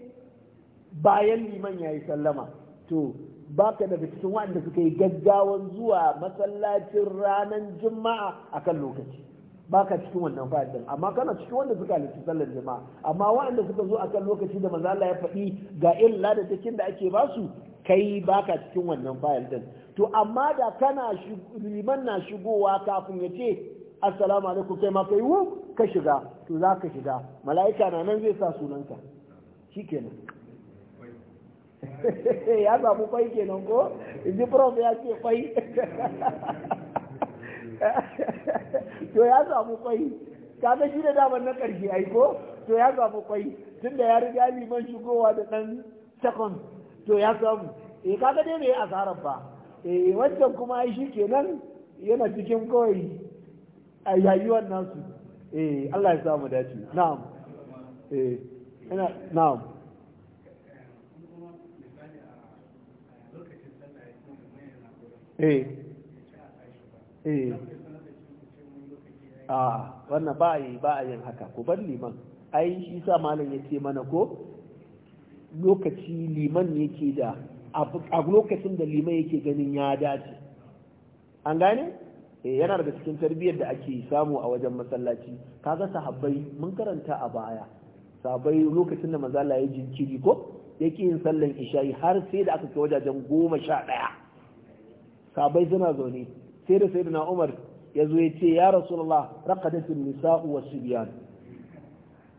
bayan liman ya yi sallama to baka daga cikin waɗanda suka yi gaggawan zuwa masallacin ranar juma'a akan lokaci baka cikin wannan fa'idin amma kana cikin wanda suka halittu sallar jama'a amma waɗanda suka zo akan lokaci da manzo ya faɗi ga irin takin da ake ba su kai baka cikin wannan fa'il din to amma da kana liman na shigowa kafin ya ce assalamu alaikum kai ma kai wu ka shiga to za ka shiga mala'ika na nan zai sa sunanka kenan ya samu kwai kenan ko inji prof ya ce kwai to ya samu kwai kaga shi da daman na karshe ai ko to ya samu kwai tunda ya riga liman shigowa da dan second to ya samu eh kaga dai bai asarar ba eh wancan kuma ai shi kenan yana cikin kawai a yayuwar nasu eh Allah ya samu dace na'am eh ina na'am eh eh a ah, wannan ba yi ba a yin haka ko ban liman ai shi sa malam ya ce mana ko lokaci liman yake da a lokacin da liman yake ganin ya dace an gane Eh, yana daga cikin tarbiyyar da ake samu a wajen masallaci kaga sahabbai mun karanta a baya sahabbai lokacin da mazala ya jinkiri ko yake yin sallan isha'i har sai da aka kai wajajen goma sha ɗaya sahabbai suna zaune sai da sai na umar ya zo ya ce ya rasulullah raqadatin nisa'u wa sibyan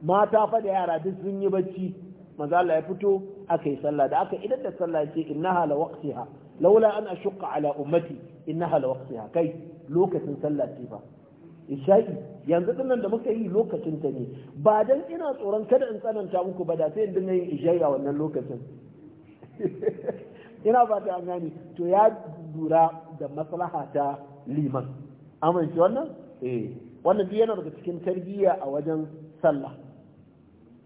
mata fa da yara duk sun yi bacci mazala ya fito aka yi sallah da aka idan da sallah ce innaha la waqtiha laula an ashqa ala ummati innaha la waqtiha kai lokacin sallah ce ba ishaki yanzu nan da muka yi lokacin ta ne ba dan ina tsoron kada in tsananta muku ba da sai in dinga yin ishaki a wannan lokacin ina ba ta gani to ya lura da maslaha ta liman amince wannan eh wannan duk yana daga cikin tarbiyya a wajen sallah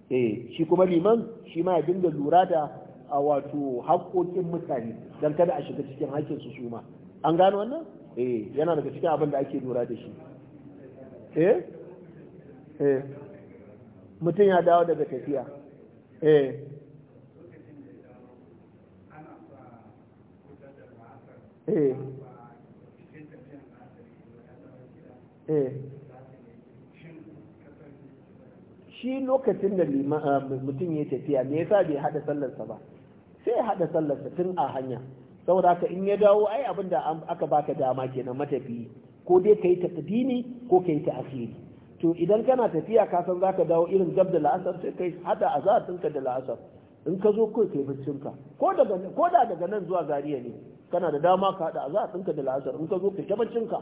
eh shi kuma liman shi ma ya dinga lura da a wato haƙoƙin mutane don kada a shiga cikin haƙƙinsu su ma an gano wannan eh yana daga cikin abin da ake lura da shi eh eh mutum ya dawo daga tafiya eh eh, eh. shi lokacin da eh, mutum ya tafiya me yasa bai hada sallarsa ba sai ya hada sallarsa tun a hanya saboda haka in ya dawo ai abin da aka baka dama kenan matafi ko dai kai ta tadini ko kai ta asiri to idan kana tafiya ka san zaka dawo irin gab da la'asar sai kai hada azar tunka da la'asar in ka zo kai kai baccinka ko daga ko da daga nan zuwa Zariya ne kana da dama ka hada azar tunka da la'asar in ka zo kai ta baccinka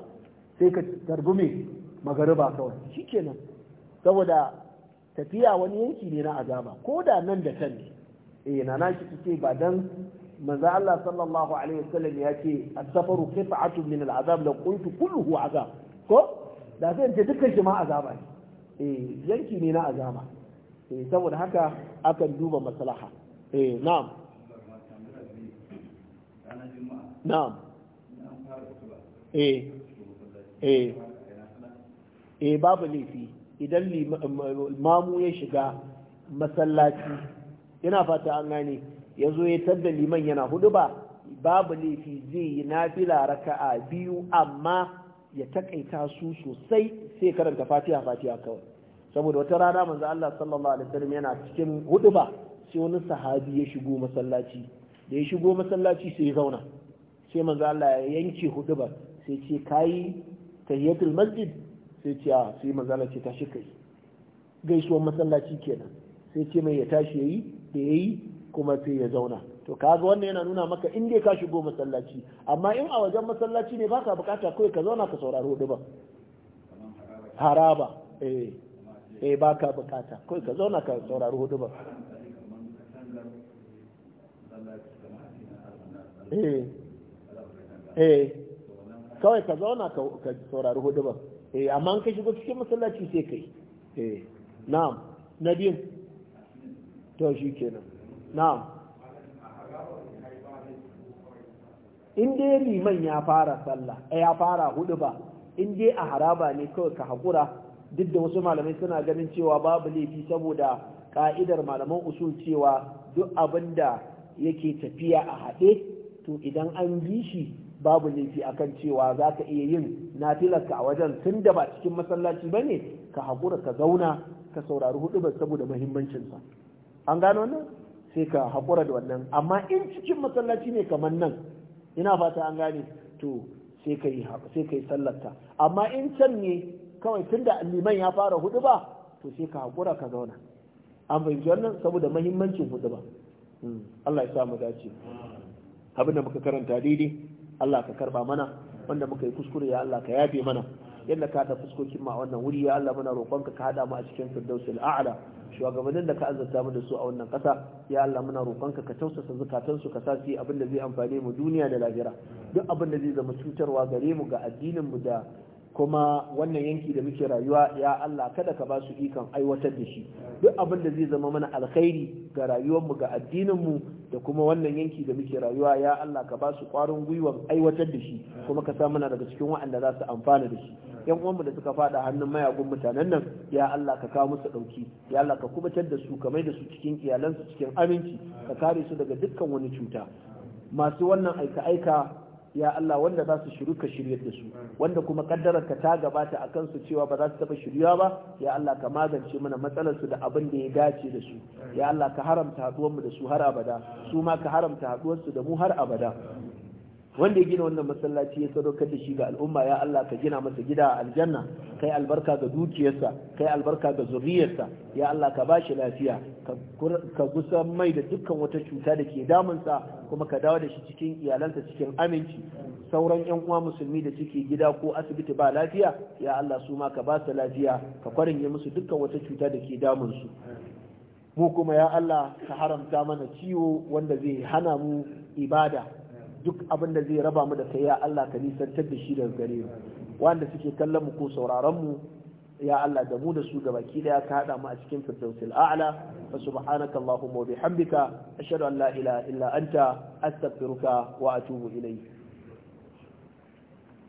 sai ka targume magariba kawai shikenan saboda tafiya wani yanki ne na azaba ko da nan da can ne eh na na shi ce ba dan manzo Allah sallallahu alaihi wasallam ya ce as-safaru qit'atun min al-azab la qultu kulluhu azab ko da sai ce dukkan shi ma azaba ne eh yanki ne na azaba eh saboda haka akan duba maslaha eh na'am na'am eh eh eh babu laifi idan mamu ya shiga masallaci yana fata an gane ya zo ya tadda liman yana hudu ba babu laifi zai yi nafila raka'a biyu amma ya takaita su sosai sai karanta fatiha fatiha kawai saboda wata rana manzo Allah sallallahu alaihi wasallam yana cikin hudu ba sai wani sahabi ya shigo masallaci da ya shigo masallaci sai ya zauna sai manzo Allah ya yanke hudu ba sai ce kai tahiyatul masjid sai ce a sai manzo Allah ce tashi kai gaisuwar masallaci kenan sai ce mai ya tashi yayi da yayi kuma sai ya zauna to kaga wannan yana nuna maka in dai ka shigo masallaci amma in a wajen masallaci ne baka bukata kawai ka zauna ka saurari hudu ba haraba eh eh baka bukata kawai ka zauna ka saurari hudu ba eh eh kawai ka zauna ka saurari hudu ba eh amma in ka shigo cikin masallaci sai kai eh na'am na biyu to shi kenan na'am in dai liman ya fara sallah eh, ya fara hudu ba in dai a haraba ne kawai ka hakura duk da wasu malamai suna ganin cewa babu laifi saboda ka'idar malaman usul cewa duk abin da yake tafiya a haɗe to idan an bi shi babu laifi akan cewa za ka iya yin nafilarka a wajen tun da ba cikin masallaci ba ne ka hakura ka zauna ka saurari hudu ba saboda muhimmancinsa an gano wannan sai ka haƙura da wannan amma in cikin masallaci ne kamar nan ina fata an gane to sai ka yi sallarta amma in can ne kawai tun da liman ya fara hudu ba to sai ka haƙura ka zauna an fahimci wannan saboda mahimmancin hudu ba hmm. Allah ya sa mu dace abin da muka karanta daidai Allah ka karba mana wanda muka yi kuskure ya Allah ka yafe mana yadda ka da fuskokin ma wannan wuri ya Allah muna roƙonka ka hada mu a cikin firdausul a'la shugabannin da ka azzata mu da su a wannan ƙasa ya Allah muna roƙonka ka tausasa zakatun su ka sa su abin da zai amfane mu duniya da lahira duk abin da zai zama cutarwa gare mu ga addinin mu da kuma wannan yanki da muke rayuwa ya Allah kada ka ba su ikon aiwatar da shi duk abin da zai zama mana alkhairi ga rayuwarmu ga addinin mu, da kuma wannan yanki da muke rayuwa ya Allah ka ba su ƙwarin gwiwar aiwatar da shi kuma ka sa mana daga cikin waɗanda za su amfana da shi yan uwanmu da suka faɗa hannun mayagun mutanen nan ya Allah ka kawo musu dauki ya Allah ka kubutar da su kamar da su cikin iyalansu cikin aminci ka kare su daga dukkan wani cuta masu wannan aika-aika ya Allah wanda za su shiru ka shirya da su wanda kuma kaddarar ka ta gabata a kansu cewa ba za su taba shiryuwa ba ya Allah ka magance mana matsalar su da abin da ya dace da su ya Allah ka haramta haduwar mu da su har abada su ma ka haramta haduwarsu da mu har abada wanda ya gina wannan masallaci ya sadaukar da shi ga al'umma ya Allah ka gina masa gida a aljanna kai albarka ga dukiyarsa kai albarka ga zuriyarsa ya Allah ka ba shi lafiya ka gusa mai da dukkan wata cuta da ke damunsa kuma ka dawo da shi cikin iyalansa cikin aminci sauran yan uwa musulmi da suke gida ko asibiti ba lafiya ya Allah su ma ka ba su lafiya ka kwarin kwarinye musu dukkan wata cuta da ke damunsu mu kuma ya Allah ka haramta mana ciwo wanda zai hana mu ibada duk abin da zai raba mu da kai ya Allah ka nisantar da shi daga gare mu wanda suke kallon mu ko sauraron mu ya Allah da mu da su gabaki daya ka hada mu a cikin firdausil a'la fa subhanaka allahumma wa bihamdika ashhadu an la ilaha illa anta astaghfiruka wa atubu ilayk